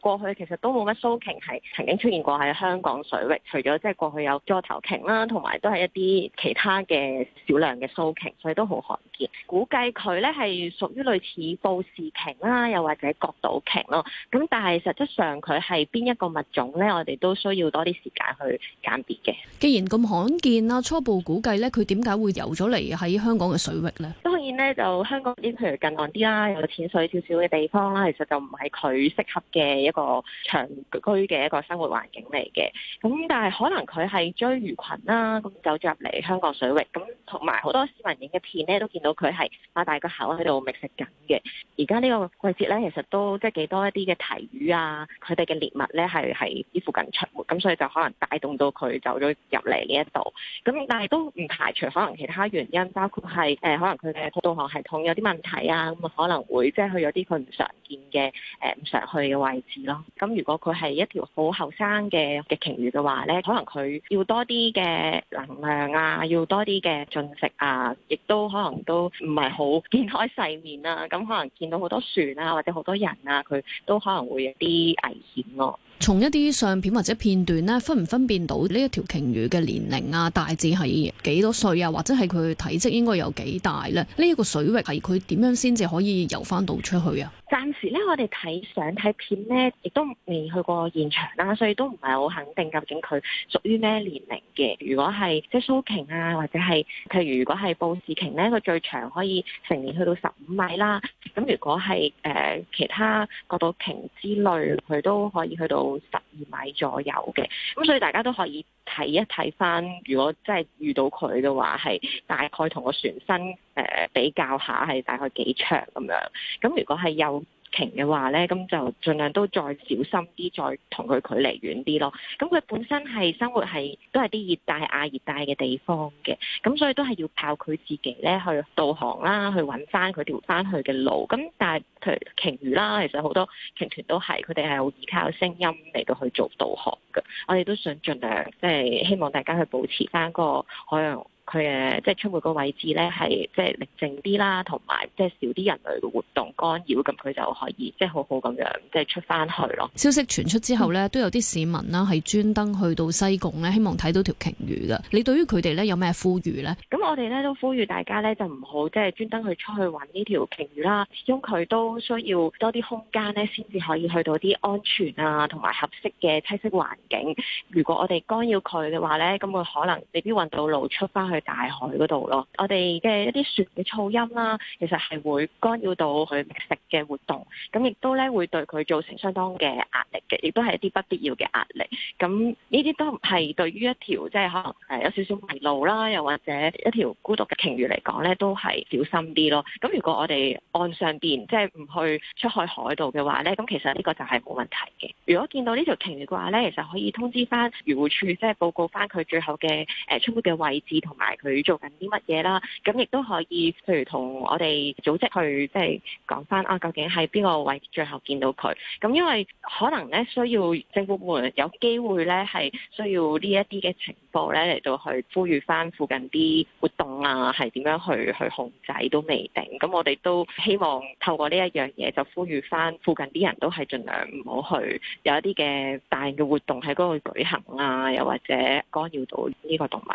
過去其實都冇乜鬚鯨係曾經出現過喺香港水域，除咗即係過去有座頭鯨啦、啊，同埋都係一啲其他嘅少量嘅鬚鯨，所以都好罕見。估計佢咧係屬於類似布氏鯨啦，又或者角島鯨咯。咁但係實質上佢係邊一個物種咧，我哋都需要多啲時間去鑑別嘅。既然咁罕見啦，初步估計咧，佢點解會游咗嚟喺香港嘅水域咧？當然咧，就香港啲譬如近岸啲啦，有淺水少少嘅地方啦，其實就唔係佢適合嘅一個長居嘅一個生活環境嚟嘅。咁但係可能佢係追魚群啦，咁走咗入嚟香港水域。咁同埋好多市民影嘅片咧，都見到。佢係擘大個口喺度覓食緊嘅。而家呢個季節呢，其實都即係幾多一啲嘅鯷魚啊，佢哋嘅獵物呢，係喺呢附近出沒，咁所以就可能帶動到佢走咗入嚟呢一度。咁但係都唔排除可能其他原因，包括係誒、呃、可能佢嘅導航系統有啲問題啊，咁啊可能會即係、就是、去咗啲佢唔常見嘅誒唔常去嘅位置咯。咁如果佢係一條好後生嘅嘅鯨魚嘅話呢，可能佢要多啲嘅能量啊，要多啲嘅進食啊，亦都可能都。都唔係好見開世面啦、啊，咁、嗯、可能見到好多船啊，或者好多人啊，佢都可能會有啲危險咯、啊。從一啲相片或者片段咧，分唔分辨到呢一條鯨魚嘅年齡啊，大致係幾多歲啊，或者係佢體積應該有幾大咧？呢、這、一個水域係佢點樣先至可以游翻到出去啊？暫時咧，我哋睇相睇片咧，亦都未去過現場啦，所以都唔係好肯定究竟佢屬於咩年齡嘅。如果係即係蘇鯨啊，或者係譬如如果係布氏鯨咧，佢最長可以成年去到十五米啦。咁如果係誒、呃、其他角島鯨之類，佢都可以去到。到十二米左右嘅，咁所以大家都可以睇一睇翻，如果真係遇到佢嘅話，係大概同個船身誒、呃、比較下，係大概幾長咁樣。咁如果係有。鯨嘅話咧，咁就盡量都再小心啲，再同佢距離遠啲咯。咁佢本身係生活係都係啲熱帶亞熱帶嘅地方嘅，咁所以都係要靠佢自己咧去導航啦，去揾翻佢條翻去嘅路。咁但係鯨鯨魚啦，其實好多鯨豚都係佢哋係好依靠聲音嚟到去做導航嘅。我哋都想盡量即係希望大家去保持翻個海洋。佢誒即係出每個位置咧，係即係寧靜啲啦，同埋即係少啲人類嘅活動干擾，咁佢就可以即係好好咁樣，即係出翻去咯。消息傳出之後咧，嗯、都有啲市民啦，係專登去到西貢咧，希望睇到條鯨魚嘅。你對於佢哋咧有咩呼籲咧？咁我哋咧都呼籲大家咧就唔好即係專登去出去揾呢條鯨魚啦。始終佢都需要多啲空間咧，先至可以去到啲安全啊，同埋合適嘅棲息環境。如果我哋干擾佢嘅話咧，咁佢可能未必揾到路出翻去。大海嗰度咯，我哋嘅一啲船嘅噪音啦、啊，其實係會干擾到佢覓食嘅活動，咁亦都咧會對佢造成相當嘅壓力嘅，亦都係一啲不必要嘅壓力。咁呢啲都係對於一條即係可能誒有少少迷路啦，又或者一條孤獨嘅鯨魚嚟講咧，都係小心啲咯。咁如果我哋岸上邊即係唔去出海海度嘅話咧，咁其實呢個就係冇問題嘅。如果見到呢條鯨魚嘅話咧，其實可以通知翻漁護署，即係報告翻佢最後嘅誒出海嘅位置同埋埋佢做緊啲乜嘢啦。咁亦都可以，譬如同我哋組織去，即係講翻啊，究竟喺邊個位最後見到佢，咁因為可能咧，需要政府部門有機會咧，係需要呢一啲嘅情報咧嚟到去呼籲翻附近啲活動啊，係點樣去去控制都未定。咁我哋都希望透過呢一樣嘢，就呼籲翻附近啲人都係盡量唔好去有一啲嘅大型嘅活動喺嗰度舉行啊，又或者干擾到呢個動物。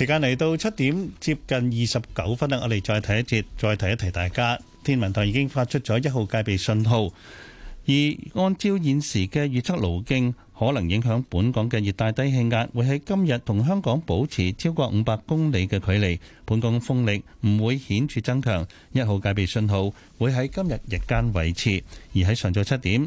時間嚟到七點接近二十九分啦，我哋再睇一節，再提一提大家。天文台已經發出咗一號戒備信號，而按照現時嘅預測路徑，可能影響本港嘅熱帶低氣壓會喺今日同香港保持超過五百公里嘅距離，本港風力唔會顯著增強。一號戒備信號會喺今日日間維持，而喺上晝七點。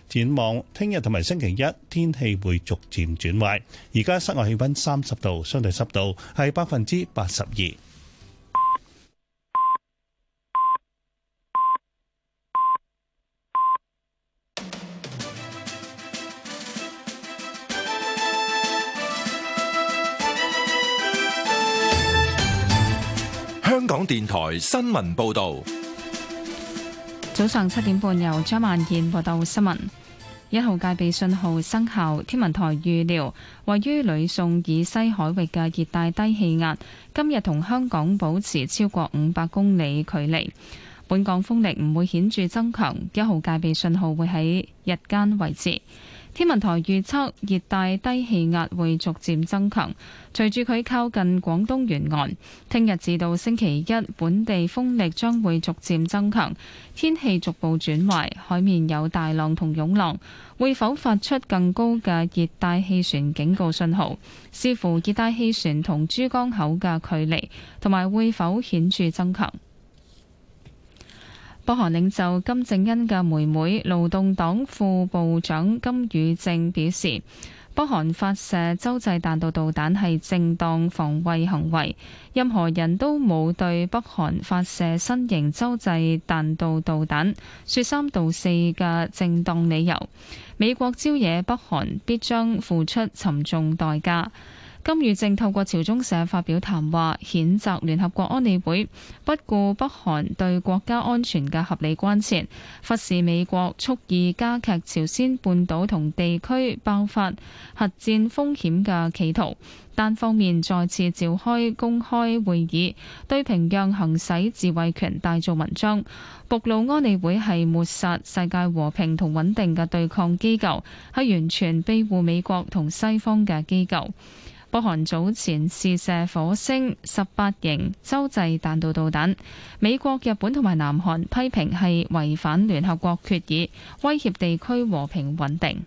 展望聽日同埋星期一，天氣會逐漸轉壞。而家室外氣温三十度，相對濕度係百分之八十二。香港電台新聞報導，早上七點半由張曼燕報道新聞。一號戒備信號生效，天文台預料位於呂宋以西海域嘅熱帶低氣壓今日同香港保持超過五百公里距離，本港風力唔會顯著增強，一號戒備信號會喺日間維持。天文台預測熱帶低氣壓會逐漸增強，隨住佢靠近廣東沿岸，聽日至到星期一，本地風力將會逐漸增強，天氣逐步轉壞，海面有大浪同湧浪，會否發出更高嘅熱帶氣旋警告信號？視乎熱帶氣旋同珠江口嘅距離，同埋會否顯著增強。北韓領袖金正恩嘅妹妹、勞動黨副部長金宇正表示，北韓發射洲際彈道導彈係正當防衞行為，任何人都冇對北韓發射新型洲際彈道導彈説三道四嘅正當理由。美國招惹北韓，必將付出沉重代價。金與正透過朝中社發表談話，譴責聯合國安理會不顧北韓對國家安全嘅合理關切，忽視美國蓄意加劇朝鮮半島同地區爆發核戰風險嘅企圖，單方面再次召開公開會議，對平壤行使自衛權大做文章，暴露安理會係抹殺世界和平同穩定嘅對抗機構，係完全庇護美國同西方嘅機構。北韓早前試射火星十八型洲際彈道導彈，美國、日本同埋南韓批評係違反聯合國決議，威脅地區和平穩定。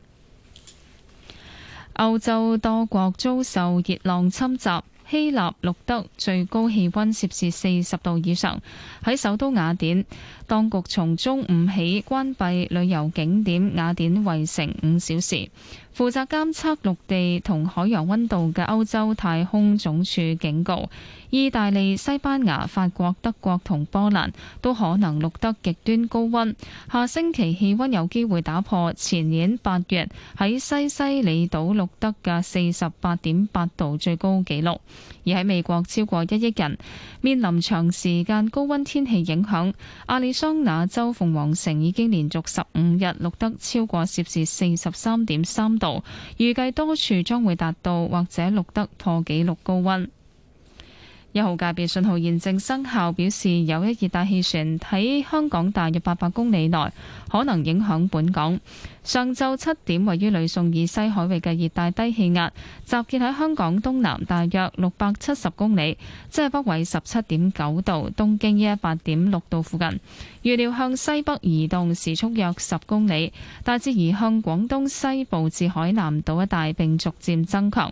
歐洲多國遭受熱浪侵襲，希臘、綠得最高氣温涉氏四十度以上，喺首都雅典。當局從中午起關閉旅遊景點，雅典衛城五小時。負責監測陸地同海洋温度嘅歐洲太空總署警告，意大利、西班牙、法國、德國同波蘭都可能錄得極端高温。下星期氣温有機會打破前年八月喺西西里島錄得嘅四十八點八度最高紀錄。而喺美國，超過一億人面臨長時間高温天氣影響。阿里桑那州鳳凰城已經連續十五日錄得超過攝氏四十三點三度，預計多處將會達到或者錄得破紀錄高温。一號戒備信號驗證生效，表示有一熱帶氣旋喺香港大約八百公里內，可能影響本港。上晝七點，位於呂宋以西海域嘅熱帶低氣壓，集結喺香港東南大約六百七十公里，即係北緯十七點九度、東經一一八點六度附近。預料向西北移動，時速約十公里，大致移向廣東西部至海南島一帶，並逐漸增強。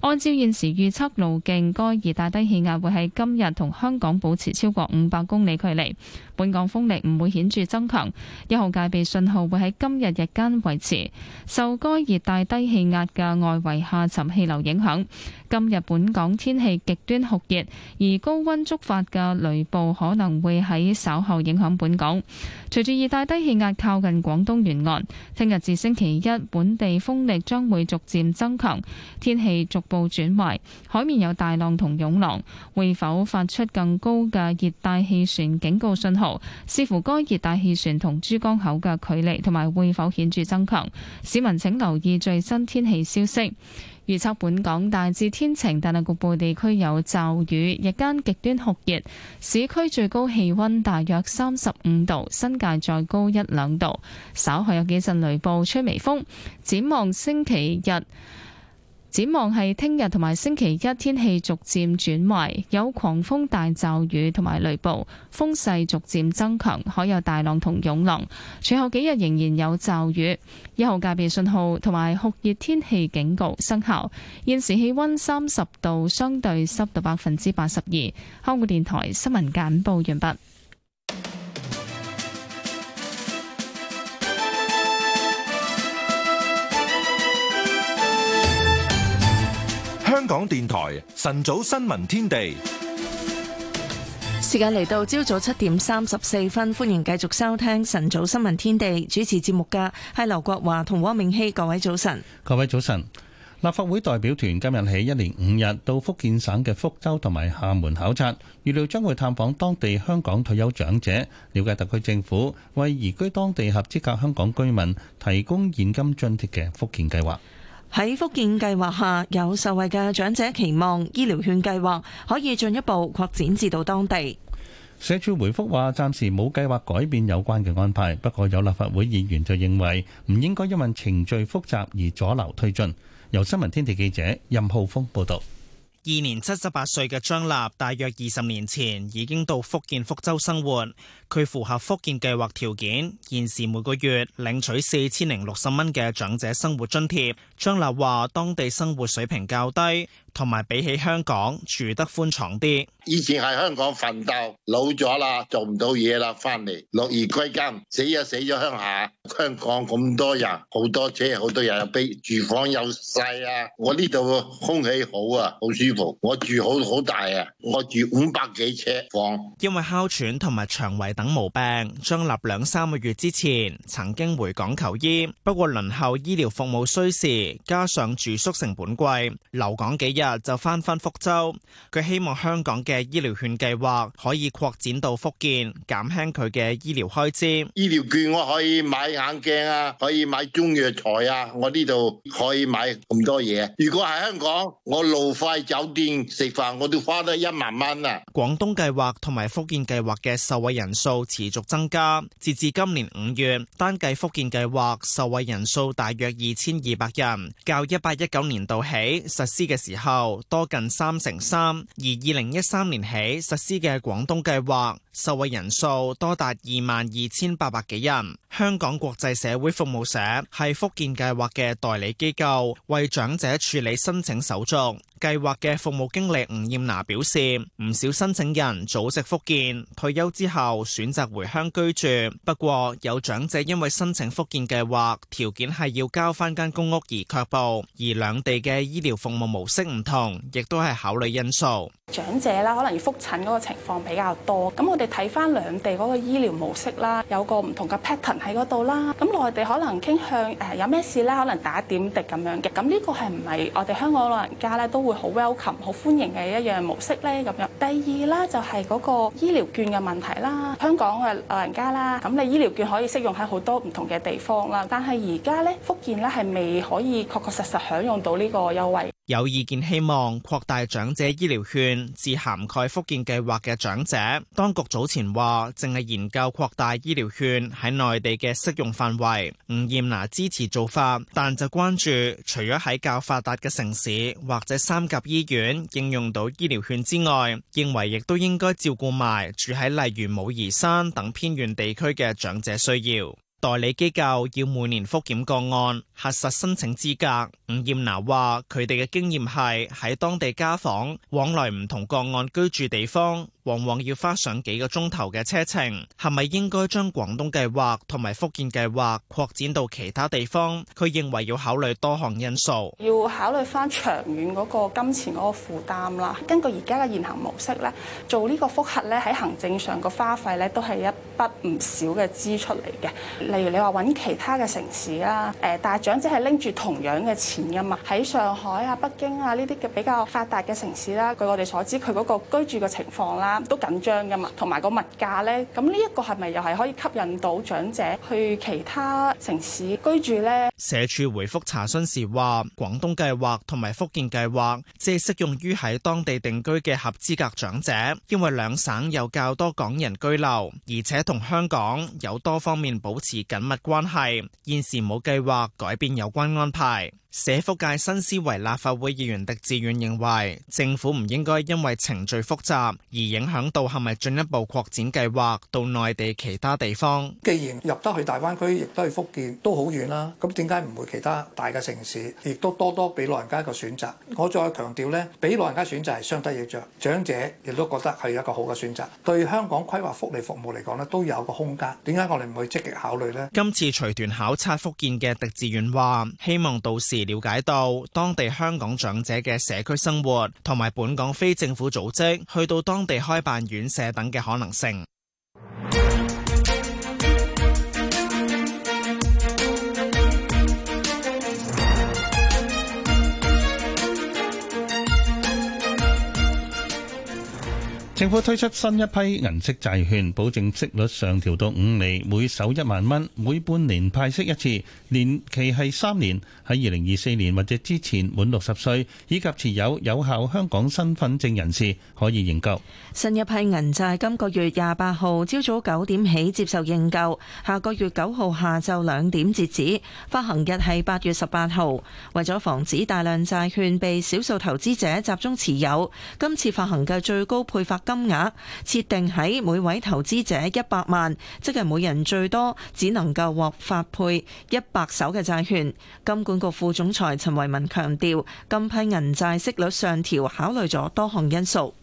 按照現時預測路徑，該熱帶低氣壓會喺今日同香港保持超過五百公里距離。本港風力唔會顯著增強，一號戒備信號會喺今日日間維持。受該熱帶低氣壓嘅外圍下沉氣流影響。今日本港天氣極端酷熱，而高温觸發嘅雷暴可能會喺稍後影響本港。隨住熱帶低氣壓靠近廣東沿岸，聽日至星期一，本地風力將會逐漸增強，天氣逐步轉壞，海面有大浪同湧浪。會否發出更高嘅熱帶氣旋警告信號，視乎該熱帶氣旋同珠江口嘅距離，同埋會否顯著增強，市民請留意最新天氣消息。預測本港大致天晴，但係局部地區有驟雨。日間極端酷熱，市區最高氣溫大約三十五度，新界再高一兩度。稍後有幾陣雷暴，吹微風。展望星期日。展望係聽日同埋星期一，天氣逐漸轉壞，有狂風大驟雨同埋雷暴，風勢逐漸增強，可有大浪同湧浪。隨後幾日仍然有驟雨，一號戒備信號同埋酷熱天氣警告生效。現時氣温三十度，相對濕度百分之八十二。香港電台新聞簡報完畢。香港電台晨早新聞天地，時間嚟到朝早七點三十四分，歡迎繼續收聽晨早新聞天地。主持節目嘅係劉國華同汪明熙，各位早晨，各位早晨。立法會代表團今日起一連五日到福建省嘅福州同埋廈門考察，預料將會探訪當地香港退休長者，了解特區政府為移居當地合資格香港居民提供現金津貼嘅福建計劃。喺福建計劃下，有受惠嘅長者期望醫療券計劃可以進一步擴展至到當地。社署回覆話，暫時冇計劃改變有關嘅安排。不過，有立法會議員就認為唔應該因為程序複雜而阻撓推進由新聞天地記者任浩峰報道。二年七十八歲嘅張立，大約二十年前已經到福建福州生活。佢符合福建計劃條件，現時每個月領取四千零六十蚊嘅長者生活津貼。張立話：當地生活水平較低，同埋比起香港住得寬敞啲。以前喺香港奮鬥，老咗啦，做唔到嘢，啦，翻嚟落葉歸根，死就死咗鄉下。香港咁多人，好多車，好多人又悲，比住房又細啊！我呢度空氣好啊，好舒服。我住好好大啊，我住五百幾尺房。因為哮喘同埋腸胃等。冇病，張立兩三個月之前曾經回港求醫，不過輪候醫療服務需時，加上住宿成本貴，留港幾日就返返福州。佢希望香港嘅醫療券計劃可以擴展到福建，減輕佢嘅醫療開支。醫療券我可以買眼鏡啊，可以買中藥材啊，我呢度可以買咁多嘢。如果喺香港，我路費、酒店、食飯，我都花得一萬蚊啊。廣東計劃同埋福建計劃嘅受惠人數數持續增加，截至今年五月，單計福建計劃受惠人數大約二千二百人，較一八一九年度起實施嘅時候多近三成三，而二零一三年起實施嘅廣東計劃，受惠人數多達二萬二千八百幾人。香港國際社會服務社係福建計劃嘅代理機構，為長者處理申請手續。計劃嘅服務經理吳艷娜表示，唔少申請人祖籍福建，退休之後選擇回鄉居住。不過有長者因為申請福建計劃條件係要交翻間公屋而卻步，而兩地嘅醫療服務模式唔同，亦都係考慮因素。長者啦，可能要復診嗰個情況比較多，咁我哋。睇翻兩地嗰個醫療模式啦，有個唔同嘅 pattern 喺嗰度啦。咁內地可能傾向誒有咩事啦，可能打點滴咁樣嘅。咁呢個係唔係我哋香港老人家咧都會好 welcome、好歡迎嘅一樣模式咧？咁樣第二啦，就係嗰個醫療券嘅問題啦。香港嘅老人家啦，咁你醫療券可以適用喺好多唔同嘅地方啦。但係而家咧，福建咧係未可以確確實實享用到呢個優惠。有意見希望擴大長者醫療券至涵蓋福建計劃嘅長者，當局。早前話淨係研究擴大醫療券喺內地嘅適用範圍，吳艷娜支持做法，但就關注除咗喺較發達嘅城市或者三甲醫院應用到醫療券之外，認為亦都應該照顧埋住喺例如武夷山等偏遠地區嘅長者需要。代理機構要每年覆檢個案，核實申請資格。吳艷娜話，佢哋嘅經驗係喺當地家訪往來唔同個案居住地方，往往要花上幾個鐘頭嘅車程。係咪應該將廣東計劃同埋福建計劃擴展到其他地方？佢認為要考慮多項因素，要考慮翻長遠嗰個金錢嗰個負擔啦。根據而家嘅現行模式咧，做呢個覆核咧喺行政上個花費咧都係一筆唔少嘅支出嚟嘅。例如你話揾其他嘅城市啦，誒、但係長者係拎住同樣嘅錢噶嘛，喺上海啊、北京啊呢啲嘅比較發達嘅城市啦，據我哋所知，佢嗰個居住嘅情況啦都緊張噶嘛，同埋個物價咧，咁呢一個係咪又係可以吸引到長者去其他城市居住咧？社署回覆查詢時話，廣東計劃同埋福建計劃只適用於喺當地定居嘅合資格長者，因為兩省有較多港人居留，而且同香港有多方面保持緊密關係，現時冇計劃改變有關安排。社福界新思維立法會議員狄志遠認為，政府唔應該因為程序複雜而影響到係咪進一步擴展計劃到內地其他地方。既然入得去大灣區，亦都係福建都好遠啦，咁點解唔會其他大嘅城市亦都多多俾老人家一個選擇？我再強調呢，俾老人家選擇係相得益彰，長者亦都覺得係一個好嘅選擇，對香港規劃福利服務嚟講呢，都有一個空間。點解我哋唔會積極考慮呢？今次隨團考察福建嘅狄志遠話，希望到時。了解到當地香港長者嘅社區生活，同埋本港非政府組織去到當地開辦院舍等嘅可能性。政府推出新一批銀色債券，保證息率上調到五厘，每手一萬蚊，每半年派息一次，年期係三年，喺二零二四年或者之前滿六十歲以及持有有效香港身份證人士可以認購。新一批銀債今個月廿八號朝早九點起接受認購，下個月九號下晝兩點截止，發行日係八月十八號，為咗防止大量債券被少數投資者集中持有，今次發行嘅最高配發。金額設定喺每位投資者一百萬，即係每人最多只能夠獲發配一百手嘅債券。金管局副總裁陳維民強調，今批銀債息率上調考慮咗多項因素。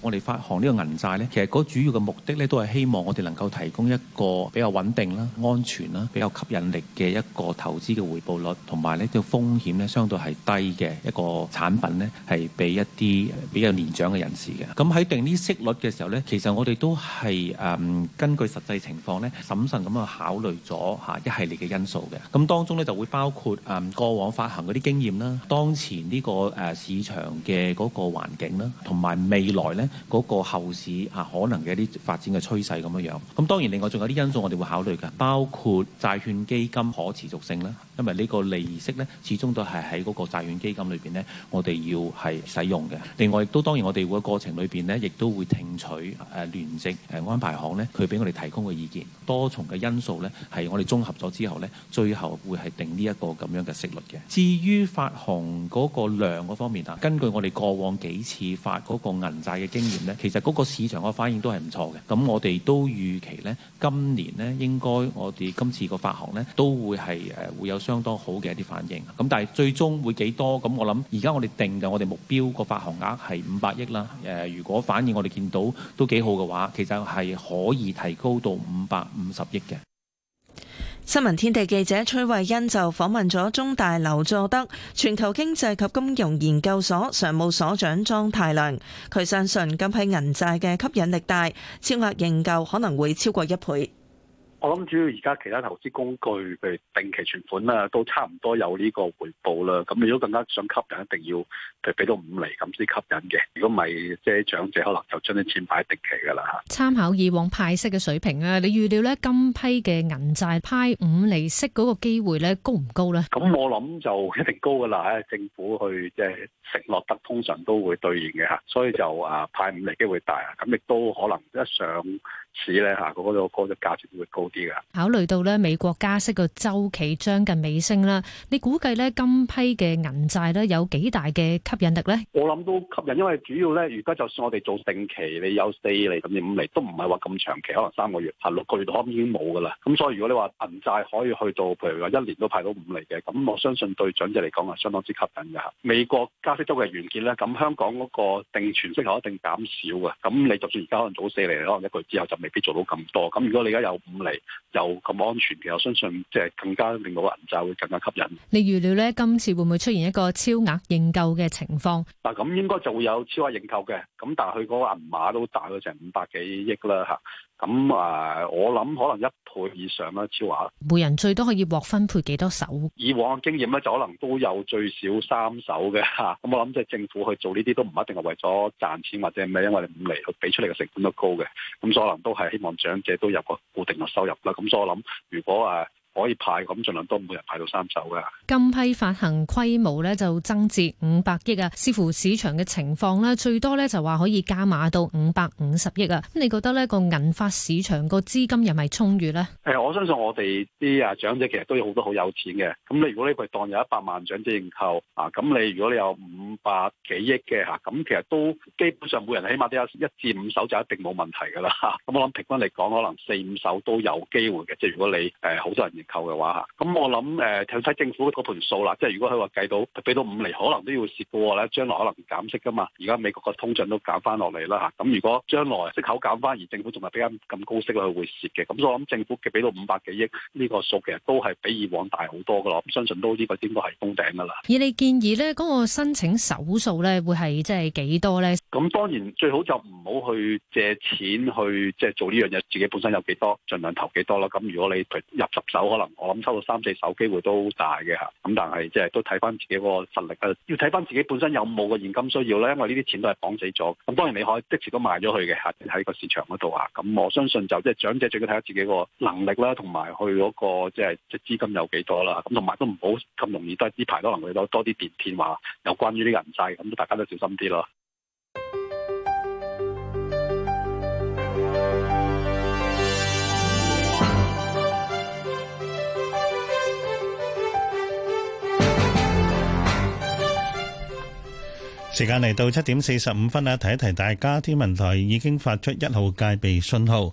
我哋發行呢個銀債呢，其實嗰主要嘅目的呢，都係希望我哋能夠提供一個比較穩定啦、安全啦、比較吸引力嘅一個投資嘅回報率，同埋呢個風險呢，相對係低嘅一個產品呢，係俾一啲比較年長嘅人士嘅。咁喺定呢息率嘅時候呢，其實我哋都係誒、呃、根據實際情況呢，審慎咁去考慮咗吓一系列嘅因素嘅。咁當中呢，就會包括誒、呃、過往發行嗰啲經驗啦，當前呢、這個誒、呃、市場嘅嗰個環境啦，同埋未來呢。嗰個後市啊，可能嘅一啲發展嘅趨勢咁樣樣。咁當然另外仲有啲因素我哋會考慮嘅，包括債券基金可持續性啦。因為呢個利息呢，始終都係喺嗰個債券基金裏邊呢，我哋要係使用嘅。另外亦都當然我哋嘅過程裏邊呢，亦都會聽取誒聯席誒安排行呢，佢俾我哋提供嘅意見。多重嘅因素呢，係我哋綜合咗之後呢，最後會係定呢一個咁樣嘅息率嘅。至於發行嗰個量嗰方面啊，根據我哋過往幾次發嗰個銀債嘅經驗呢，其實嗰個市場個反應都係唔錯嘅。咁我哋都預期呢，今年呢應該我哋今次個發行呢都會係誒、呃、會有相當好嘅一啲反應。咁但係最終會幾多？咁我諗而家我哋定嘅我哋目標個發行額係五百億啦。誒、呃，如果反應我哋見到都幾好嘅話，其實係可以提高到五百五十億嘅。新聞天地記者崔慧恩就訪問咗中大劉佐德全球經濟及金融研究所常務所長莊太量，佢相信今批銀債嘅吸引力大，超額認購可能會超過一倍。我諗主要而家其他投資工具，譬如定期存款啦，都差唔多有呢個回報啦。咁你如果更加想吸引，一定要譬俾到五厘咁先吸引嘅。如果唔係，即係長者可能就將啲錢擺喺定期噶啦。參考以往派息嘅水平啊，你預料咧今批嘅銀債派五厘息嗰個機會咧高唔高咧？咁，嗯，我諗就一定高噶啦。政府去即係承諾得，通常都會兌現嘅吓，所以就啊派五厘機會大啊。咁亦都可能一上。市咧嚇，嗰個個個價值會高啲噶。考慮到咧美國加息個周期將近尾聲啦，你估計咧今批嘅銀債咧有幾大嘅吸引力咧？我諗都吸引，因為主要咧，而家就算我哋做定期，你有四厘甚至五厘都唔係話咁長期，可能三個月、六個月度，可能已經冇噶啦。咁所以如果你話銀債可以去到，譬如話一年都派到五厘嘅，咁我相信對長者嚟講係相當之吸引嘅嚇。美國加息周期完結咧，咁香港嗰個定存息口一定減少嘅。咁你就算而家可能做四厘，可能一個月之後就未。俾做到咁多，咁如果你而家有五厘又咁安全嘅，我相信即係更加令到銀債會更加吸引。你預料呢今次會唔會出現一個超額認購嘅情況？嗱，咁應該就會有超額認購嘅，咁但係佢嗰個銀碼都大咗成五百幾億啦，吓。咁啊，我諗可能一倍以上啦，超華。每人最多可以獲分配幾多手？以往嘅經驗咧，就可能都有最少三手嘅吓。咁 我諗即係政府去做呢啲都唔一定係為咗賺錢或者係咩，因為你五厘佢俾出嚟嘅成本都高嘅。咁所以我可能都係希望長者都有個固定嘅收入啦。咁所以我諗，如果誒。可以派咁，儘量都每人派到三手㗎。今批發行規模咧就增至五百億啊，視乎市場嘅情況咧，最多咧就話可以加碼到五百五十億啊。咁你覺得咧，個銀髮市場個資金有咪充裕咧？誒、嗯，我相信我哋啲啊長者其實都有好多好有錢嘅。咁你如果呢個當有一百萬長者認購啊，咁你如果你有五百幾億嘅嚇，咁其實都基本上每人起碼都有一至五手就一定冇問題㗎啦。咁我諗平均嚟講，可能四五手都有機會嘅。即係如果你誒好、呃、多人認。購嘅話嚇，咁我諗誒，睇、嗰個呃呃、政府嗰盤數啦，即係如果佢話計到俾到五厘，可能都要蝕嘅喎咧。將來可能減息嘅嘛，而家美國個通脹都減翻落嚟啦嚇。咁如果將來息口減翻，而政府仲係俾緊咁高息佢會蝕嘅。咁我諗政府嘅俾到五百幾億呢個數，其實都係比以往大好多嘅咯。我相信都呢個應該係封頂嘅啦。而你建議咧，嗰個申請手數咧，會係即係幾多咧？咁當然最好就唔好去借錢去，去即係做呢樣嘢，自己本身有幾多，儘量投幾多咯。咁如果你如入十手。可能我諗，抽到三四手機會都大嘅吓。咁但係即係都睇翻自己個實力，誒要睇翻自己本身有冇個現金需要咧，因為呢啲錢都係綁死咗。咁當然你可以即時都賣咗佢嘅吓，喺個市場嗰度啊。咁我相信就即係、就係、長者最緊要睇下自己個能力啦，同埋去嗰、嗰個即係即資金有幾多啦。咁同埋都唔好咁容易都係呢排可能會有多啲電騙話有關於啲銀債，咁大家都小心啲咯。時間嚟到七點四十五分啦，提一提大家，天文台已經發出一號戒備信號，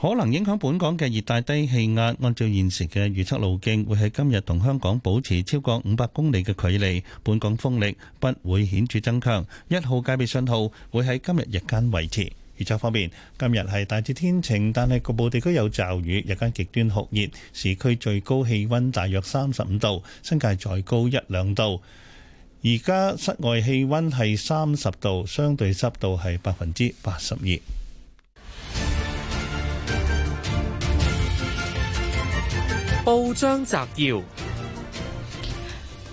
可能影響本港嘅熱帶低氣壓。按照現時嘅預測路徑，會喺今日同香港保持超過五百公里嘅距離，本港風力不會顯著增強。一號戒備信號會喺今日日間維持。預測方面，今日係大致天晴，但係局部地區有驟雨，日間極端酷熱，市區最高氣溫大約三十五度，新界再高一兩度。而家室外氣温係三十度，相對濕度係百分之八十二。報章摘要：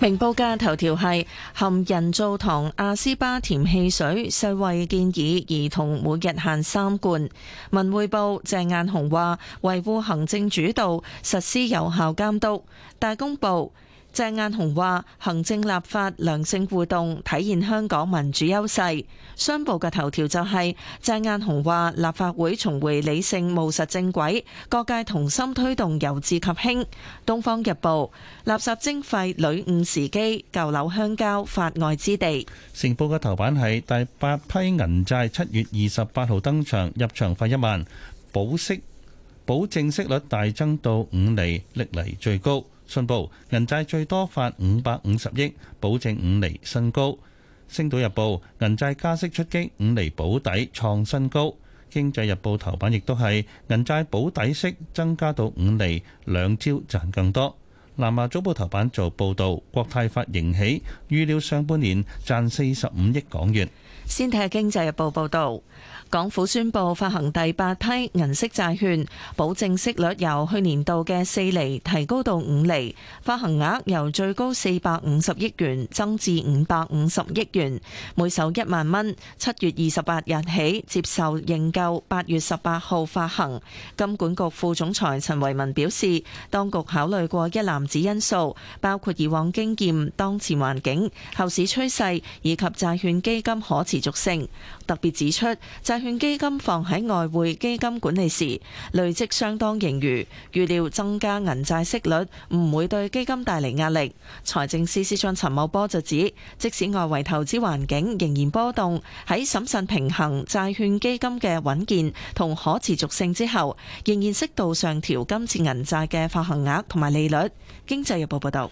明報嘅頭條係含人造糖阿斯巴甜汽水，世衞建議兒童每日限三罐。文匯報鄭雁雄話：維護行政主導，實施有效監督。大公報。鄭雁雄話：行政立法良性互動，體現香港民主優勢。商報嘅頭條就係鄭雁雄話立法會重回理性務實正軌，各界同心推動由治及興。東方日報垃圾徵費屢誤時機，舊樓鄉郊法外之地。成報嘅頭版係第八批銀債七月二十八號登場，入場費一萬，保息保證息率大增到五厘，歷嚟最高。信報銀債最多發五百五十億，保證五厘新高。星島日報銀債加息出擊，五厘保底創新高。經濟日報頭版亦都係銀債保底息增加到五厘，兩招賺更多。南華早報頭版做報導，國泰發盈喜，預料上半年賺四十五億港元。先睇下經濟日報報導。港府宣布發行第八批銀色債券，保證息率由去年度嘅四厘提高到五厘，發行額由最高四百五十億元增至五百五十億元，每手一萬蚊。七月二十八日起接受認購，八月十八號發行。金管局副總裁陳維文表示，當局考慮過一籃子因素，包括以往經驗、當前環境、後市趨勢以及債券基金可持續性。特別指出債。券基金放喺外匯基金管理時，累積相當盈餘，預料增加銀債息率唔會對基金帶嚟壓力。財政司司長陳茂波就指，即使外圍投資環境仍然波動，喺審慎平衡債券基金嘅穩健同可持續性之後，仍然適度上調今次銀債嘅發行額同埋利率。經濟日報報道。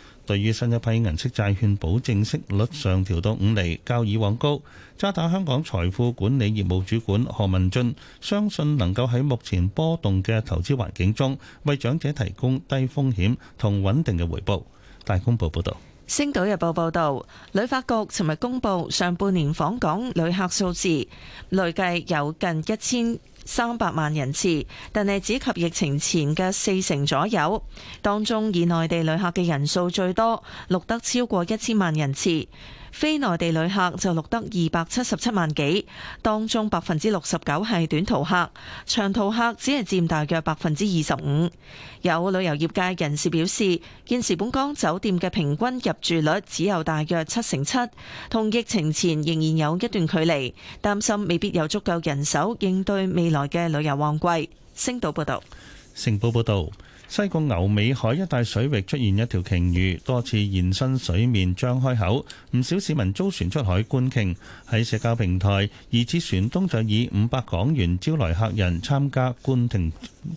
對於新一批銀色債券保證息，息率上調到五厘，較以往高。渣打香港財富管理業務主管何文俊相信能夠喺目前波動嘅投資環境中，為長者提供低風險同穩定嘅回報。大公報報道：《星島日報》報道，旅發局尋日公布上半年訪港旅客數字，累計有近一千三百萬人次，但係只及疫情前嘅四成左右。當中以內地旅客嘅人數最多，錄得超過一千萬人次。非內地旅客就錄得二百七十七萬幾，當中百分之六十九係短途客，長途客只係佔大約百分之二十五。有旅遊業界人士表示，現時本港酒店嘅平均入住率只有大約七成七，同疫情前仍然有一段距離，擔心未必有足夠人手應對未來嘅旅遊旺季。星島報道，成報報道。西貢牛尾海一帶水域出現一條鯨魚，多次現身水面張開口，唔少市民租船出海觀鯨。喺社交平台，疑似船東就以五百港元招來客人參加觀鯨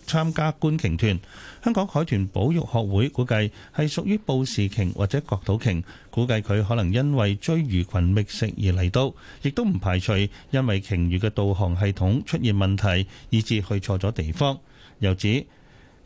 參加觀鯨團。香港海豚保育學會估計係屬於布氏鯨或者角島鯨，估計佢可能因為追魚群覓食而嚟到，亦都唔排除因為鯨魚嘅導航系統出現問題，以致去錯咗地方。又指。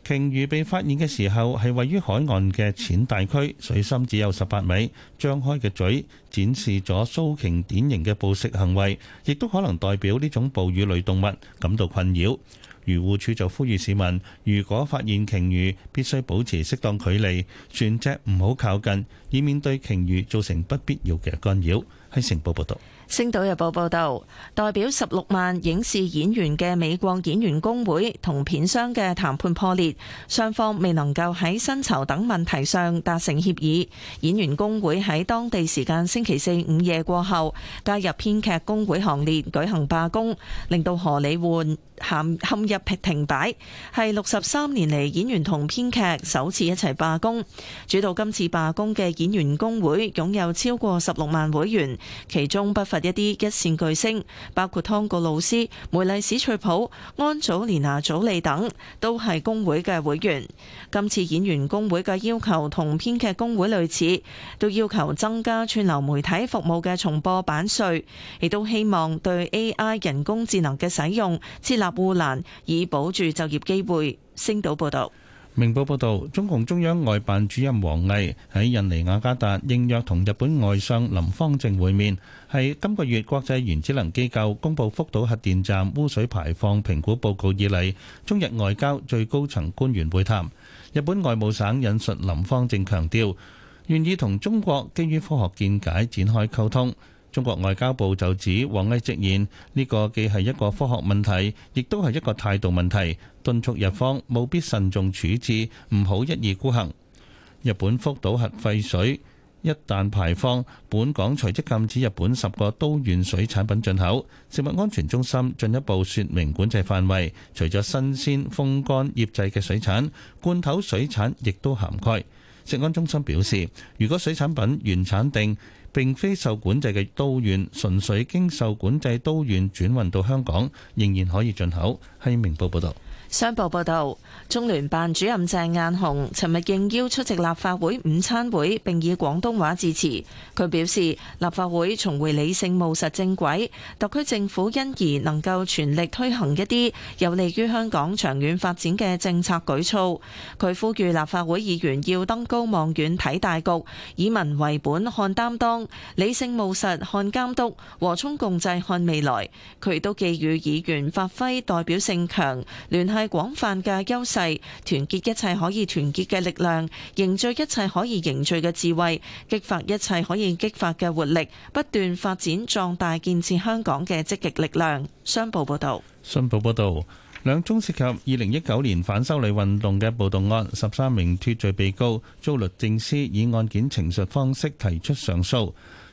鯨魚被發現嘅時候係位於海岸嘅淺大區，水深只有十八米，張開嘅嘴展示咗鬚鯨典型嘅捕食行為，亦都可能代表呢種哺乳類動物感到困擾。漁護署就呼籲市民，如果發現鯨魚，必須保持適當距離，船隻唔好靠近，以免對鯨魚造成不必要嘅干擾。喺《成報》報道。星島日報報導，代表十六萬影視演員嘅美國演員工會同片商嘅談判破裂，雙方未能夠喺薪酬等問題上達成協議。演員工會喺當地時間星期四午夜過後加入編劇工會行列，舉行罷工，令到荷里活陷陷入停擺，係六十三年嚟演員同編劇首次一齊罷工。主導今次罷工嘅演員工會擁有超過十六萬會員，其中不乏，一啲一線巨星，包括湯告老師、梅麗史翠普、安祖蓮娜祖莉等，都係工會嘅會員。今次演員工會嘅要求同編劇工會類似，都要求增加串流媒體服務嘅重播版稅，亦都希望對 AI 人工智能嘅使用設立護欄，以保住就業機會。星島報道。明報報導，中共中央外辦主任王毅喺印尼雅加達應約同日本外相林芳正會面，係今個月國際原子能機構公布福島核電站污水排放評估報告以嚟，中日外交最高層官員會談。日本外務省引述林芳正強調，願意同中國基於科學見解展開溝通。中國外交部就指王毅直言：呢個既係一個科學問題，亦都係一個態度問題，敦促日方務必慎重處置，唔好一意孤行。日本福島核廢水一旦排放，本港隨即禁止日本十個都縣水產品進口。食物安全中心進一步説明管制範圍，除咗新鮮、風乾、醃製嘅水產，罐頭水產亦都涵蓋。食安中心表示，如果水產品原產定並非受管制嘅都縣，純粹經受管制都縣轉運到香港，仍然可以進口。係明報報道。商報報導，中聯辦主任鄭雁雄尋日應邀出席立法會午餐會，並以廣東話致辭。佢表示，立法會重回理性務實正軌，特區政府因而能夠全力推行一啲有利於香港長遠發展嘅政策舉措。佢呼籲立法會議員要登高望遠睇大局，以民為本看擔當，理性務實看監督，和衷共濟看未來。佢亦都寄語議員發揮代表性強、聯繫繫廣泛嘅優勢，團結一切可以團結嘅力量，凝聚一切可以凝聚嘅智慧，激發一切可以激發嘅活力，不斷發展壯大，建設香港嘅積極力量。商報報道，信報報導，兩宗涉及二零一九年反修例運動嘅暴動案，十三名脱罪被告遭律政司以案件呈述方式提出上訴。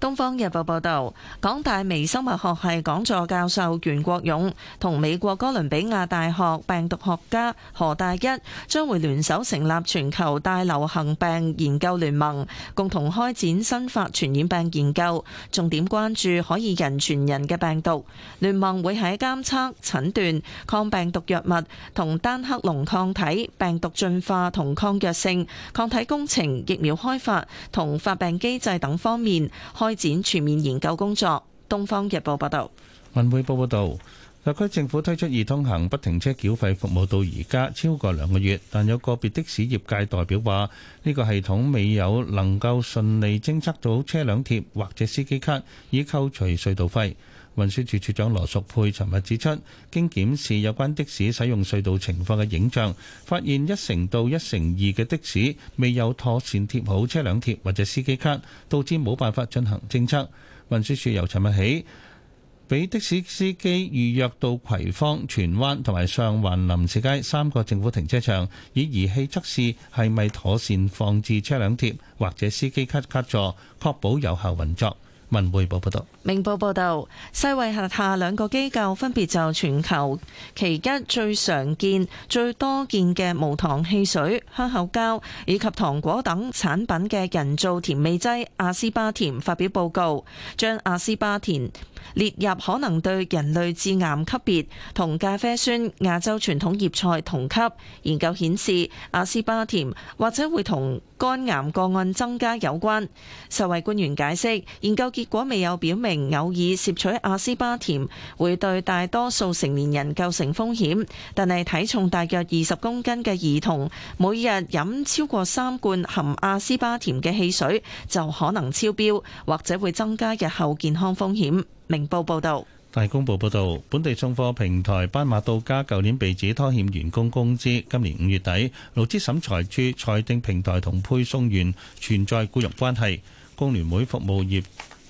《東方日報》報道，港大微生物學系講座教授袁國勇同美國哥倫比亞大學病毒學家何大一將會聯手成立全球大流行病研究聯盟，共同開展新發傳染病研究，重點關注可以人傳人嘅病毒。聯盟會喺監測、診斷、抗病毒藥物同單克隆抗體、病毒進化同抗藥性、抗體工程、疫苗開發同發病機制等方面，開展全面研究工作。東方日報報道，文匯報報道，特區政府推出易通行不停車繳費服務到而家超過兩個月，但有個別的士業界代表話，呢個系統未有能夠順利偵測到車輛貼或者司機卡，以扣除隧道費。運輸署署長羅淑佩尋日指出，經檢視有關的士使用隧道情況嘅影像，發現一成到一成二嘅的,的士未有妥善貼好車輛貼或者司機卡，導致冇辦法進行政策。運輸署由尋日起，俾的士司機預約到葵芳、荃灣同埋上環林士街三個政府停車場，以儀器測試係咪妥善放置車輛貼或者司機卡卡座，確保有效運作。文匯報報道。明報報導，世衛轄下兩個機構分別就全球其一最常見、最多見嘅無糖汽水、香口膠以及糖果等產品嘅人造甜味劑阿斯巴甜發表報告，將阿斯巴甜列入可能對人類致癌級別，同咖啡酸、亞洲傳統葉菜同級。研究顯示，阿斯巴甜或者會同肝癌個案增加有關。世衛官員解釋，研究結果未有表明。偶爾攝取阿斯巴甜會對大多數成年人構成風險，但係體重大約二十公斤嘅兒童，每日飲超過三罐含阿斯巴甜嘅汽水就可能超標，或者會增加日後健康風險。明報報道，大公報報道，本地送貨平台斑馬到家舊年被指拖欠員工工資，今年五月底勞資審裁處裁定平台同配送員存在僱傭關係，工聯會服務業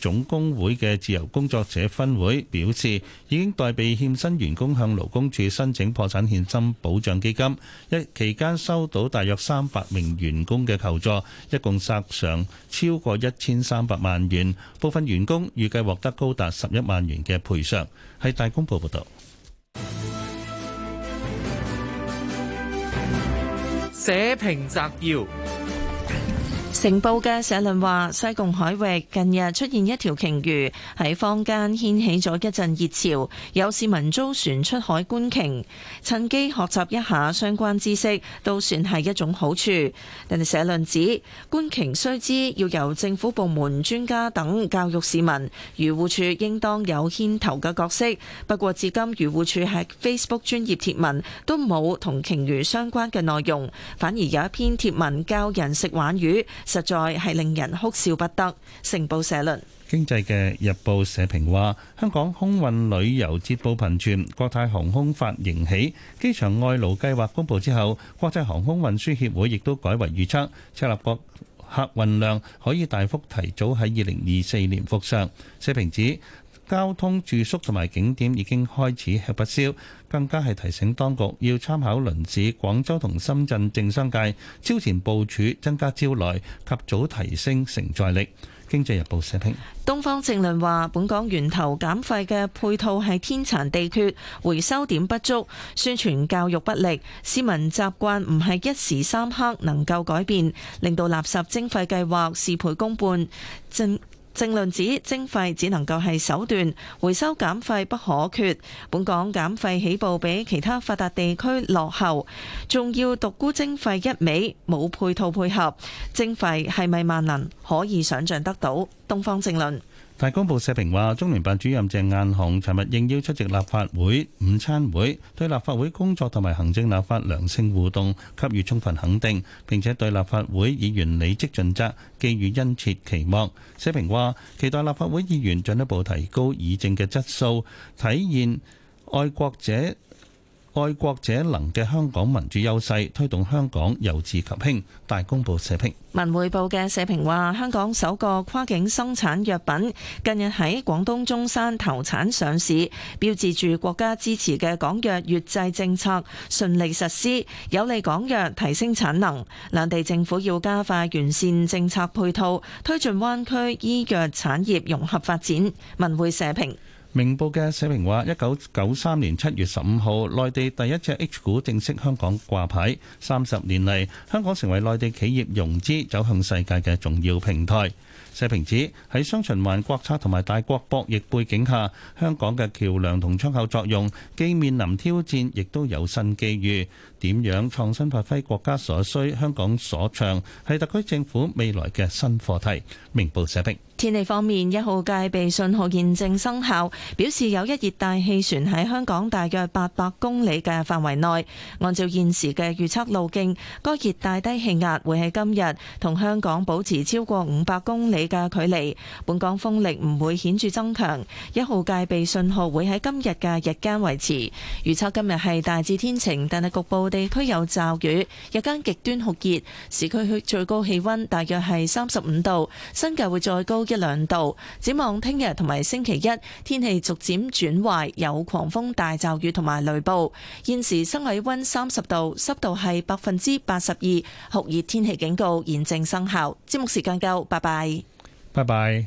總工會嘅自由工作者分會表示，已經代被欠薪員工向勞工處申請破產欠薪保障基金，一期間收到大約三百名員工嘅求助，一共賠償超過一千三百萬元，部分員工預計獲得高達十一萬元嘅賠償。係大公報報道，社評摘要。成報嘅社論話，西貢海域近日出現一條鯨魚，喺坊間掀起咗一陣熱潮，有市民租船出海觀鯨，趁機學習一下相關知識，都算係一種好處。但係社論指，觀鯨須知要由政府部門、專家等教育市民，漁護署應當有牽頭嘅角色。不過至今，漁護署喺 Facebook 專頁貼文都冇同鯨魚相關嘅內容，反而有一篇貼文教人食鯇魚。實在係令人哭笑不得，成報社論。經濟嘅日報社評話：香港空運旅遊捷報頻傳，國泰航空發盈喜，機場外勞計劃公佈之後，國際航空運輸協會亦都改為預測，赤鱲角客運量可以大幅提早喺二零二四年復上。社評指，交通住宿同埋景點已經開始吃不消，更加係提醒當局要參考鄰市廣州同深圳政商界，超前部署，增加招來及早提升承載力。經濟日報社評，東方正論話：本港源頭減廢嘅配套係天殘地缺，回收點不足，宣傳教育不力，市民習慣唔係一時三刻能夠改變，令到垃圾徵費計劃事倍功半。正論指徵費只能夠係手段，回收減費不可缺。本港減費起步比其他發達地區落後，仲要獨沽徵費一味冇配套配合，徵費係咪萬能？可以想象，得到。東方正論。大公報社評話，中聯辦主任鄭雁雄尋日應邀出席立法會午餐會，對立法會工作同埋行政立法良性互動給予充分肯定，並且對立法會議員履職盡責寄予殷切期望。社評話，期待立法會議員進一步提高議政嘅質素，體現愛國者、愛國者能嘅香港民主優勢，推動香港由治及興。大公報社評。文匯報嘅社評話：香港首個跨境生產藥品近日喺廣東中山投產上市，標誌住國家支持嘅港藥粵製政策順利實施，有利港藥提升產能。兩地政府要加快完善政策配套，推進灣區醫藥產業融合發展。文匯社評。明報嘅社評話：一九九三年七月十五號，內地第一隻 H 股正式香港掛牌，三十年嚟，香港成為內地企業融資走向世界嘅重要平台。社評指，喺雙循環國策同埋大國博弈背景下，香港嘅橋梁同窗口作用既面臨挑戰，亦都有新機遇。點樣創新發揮國家所需、香港所長，係特區政府未來嘅新課題。明報社評。天氣方面，一號戒備信號現正生效，表示有一熱帶氣旋喺香港大約八百公里嘅範圍內。按照現時嘅預測路徑，該熱帶低氣壓會喺今日同香港保持超過五百公里嘅距離。本港風力唔會顯著增強，一號戒備信號會喺今日嘅日間維持。預測今日係大致天晴，但係局部地區有驟雨，日間極端酷熱，市區最高氣溫大約係三十五度，新界會再高一兩度。展望聽日同埋星期一，天氣逐漸轉壞，有狂風、大驟雨同埋雷暴。現時室內溫三十度，濕度係百分之八十二，酷熱天氣警告現正生效。節目時間夠，拜拜，拜拜。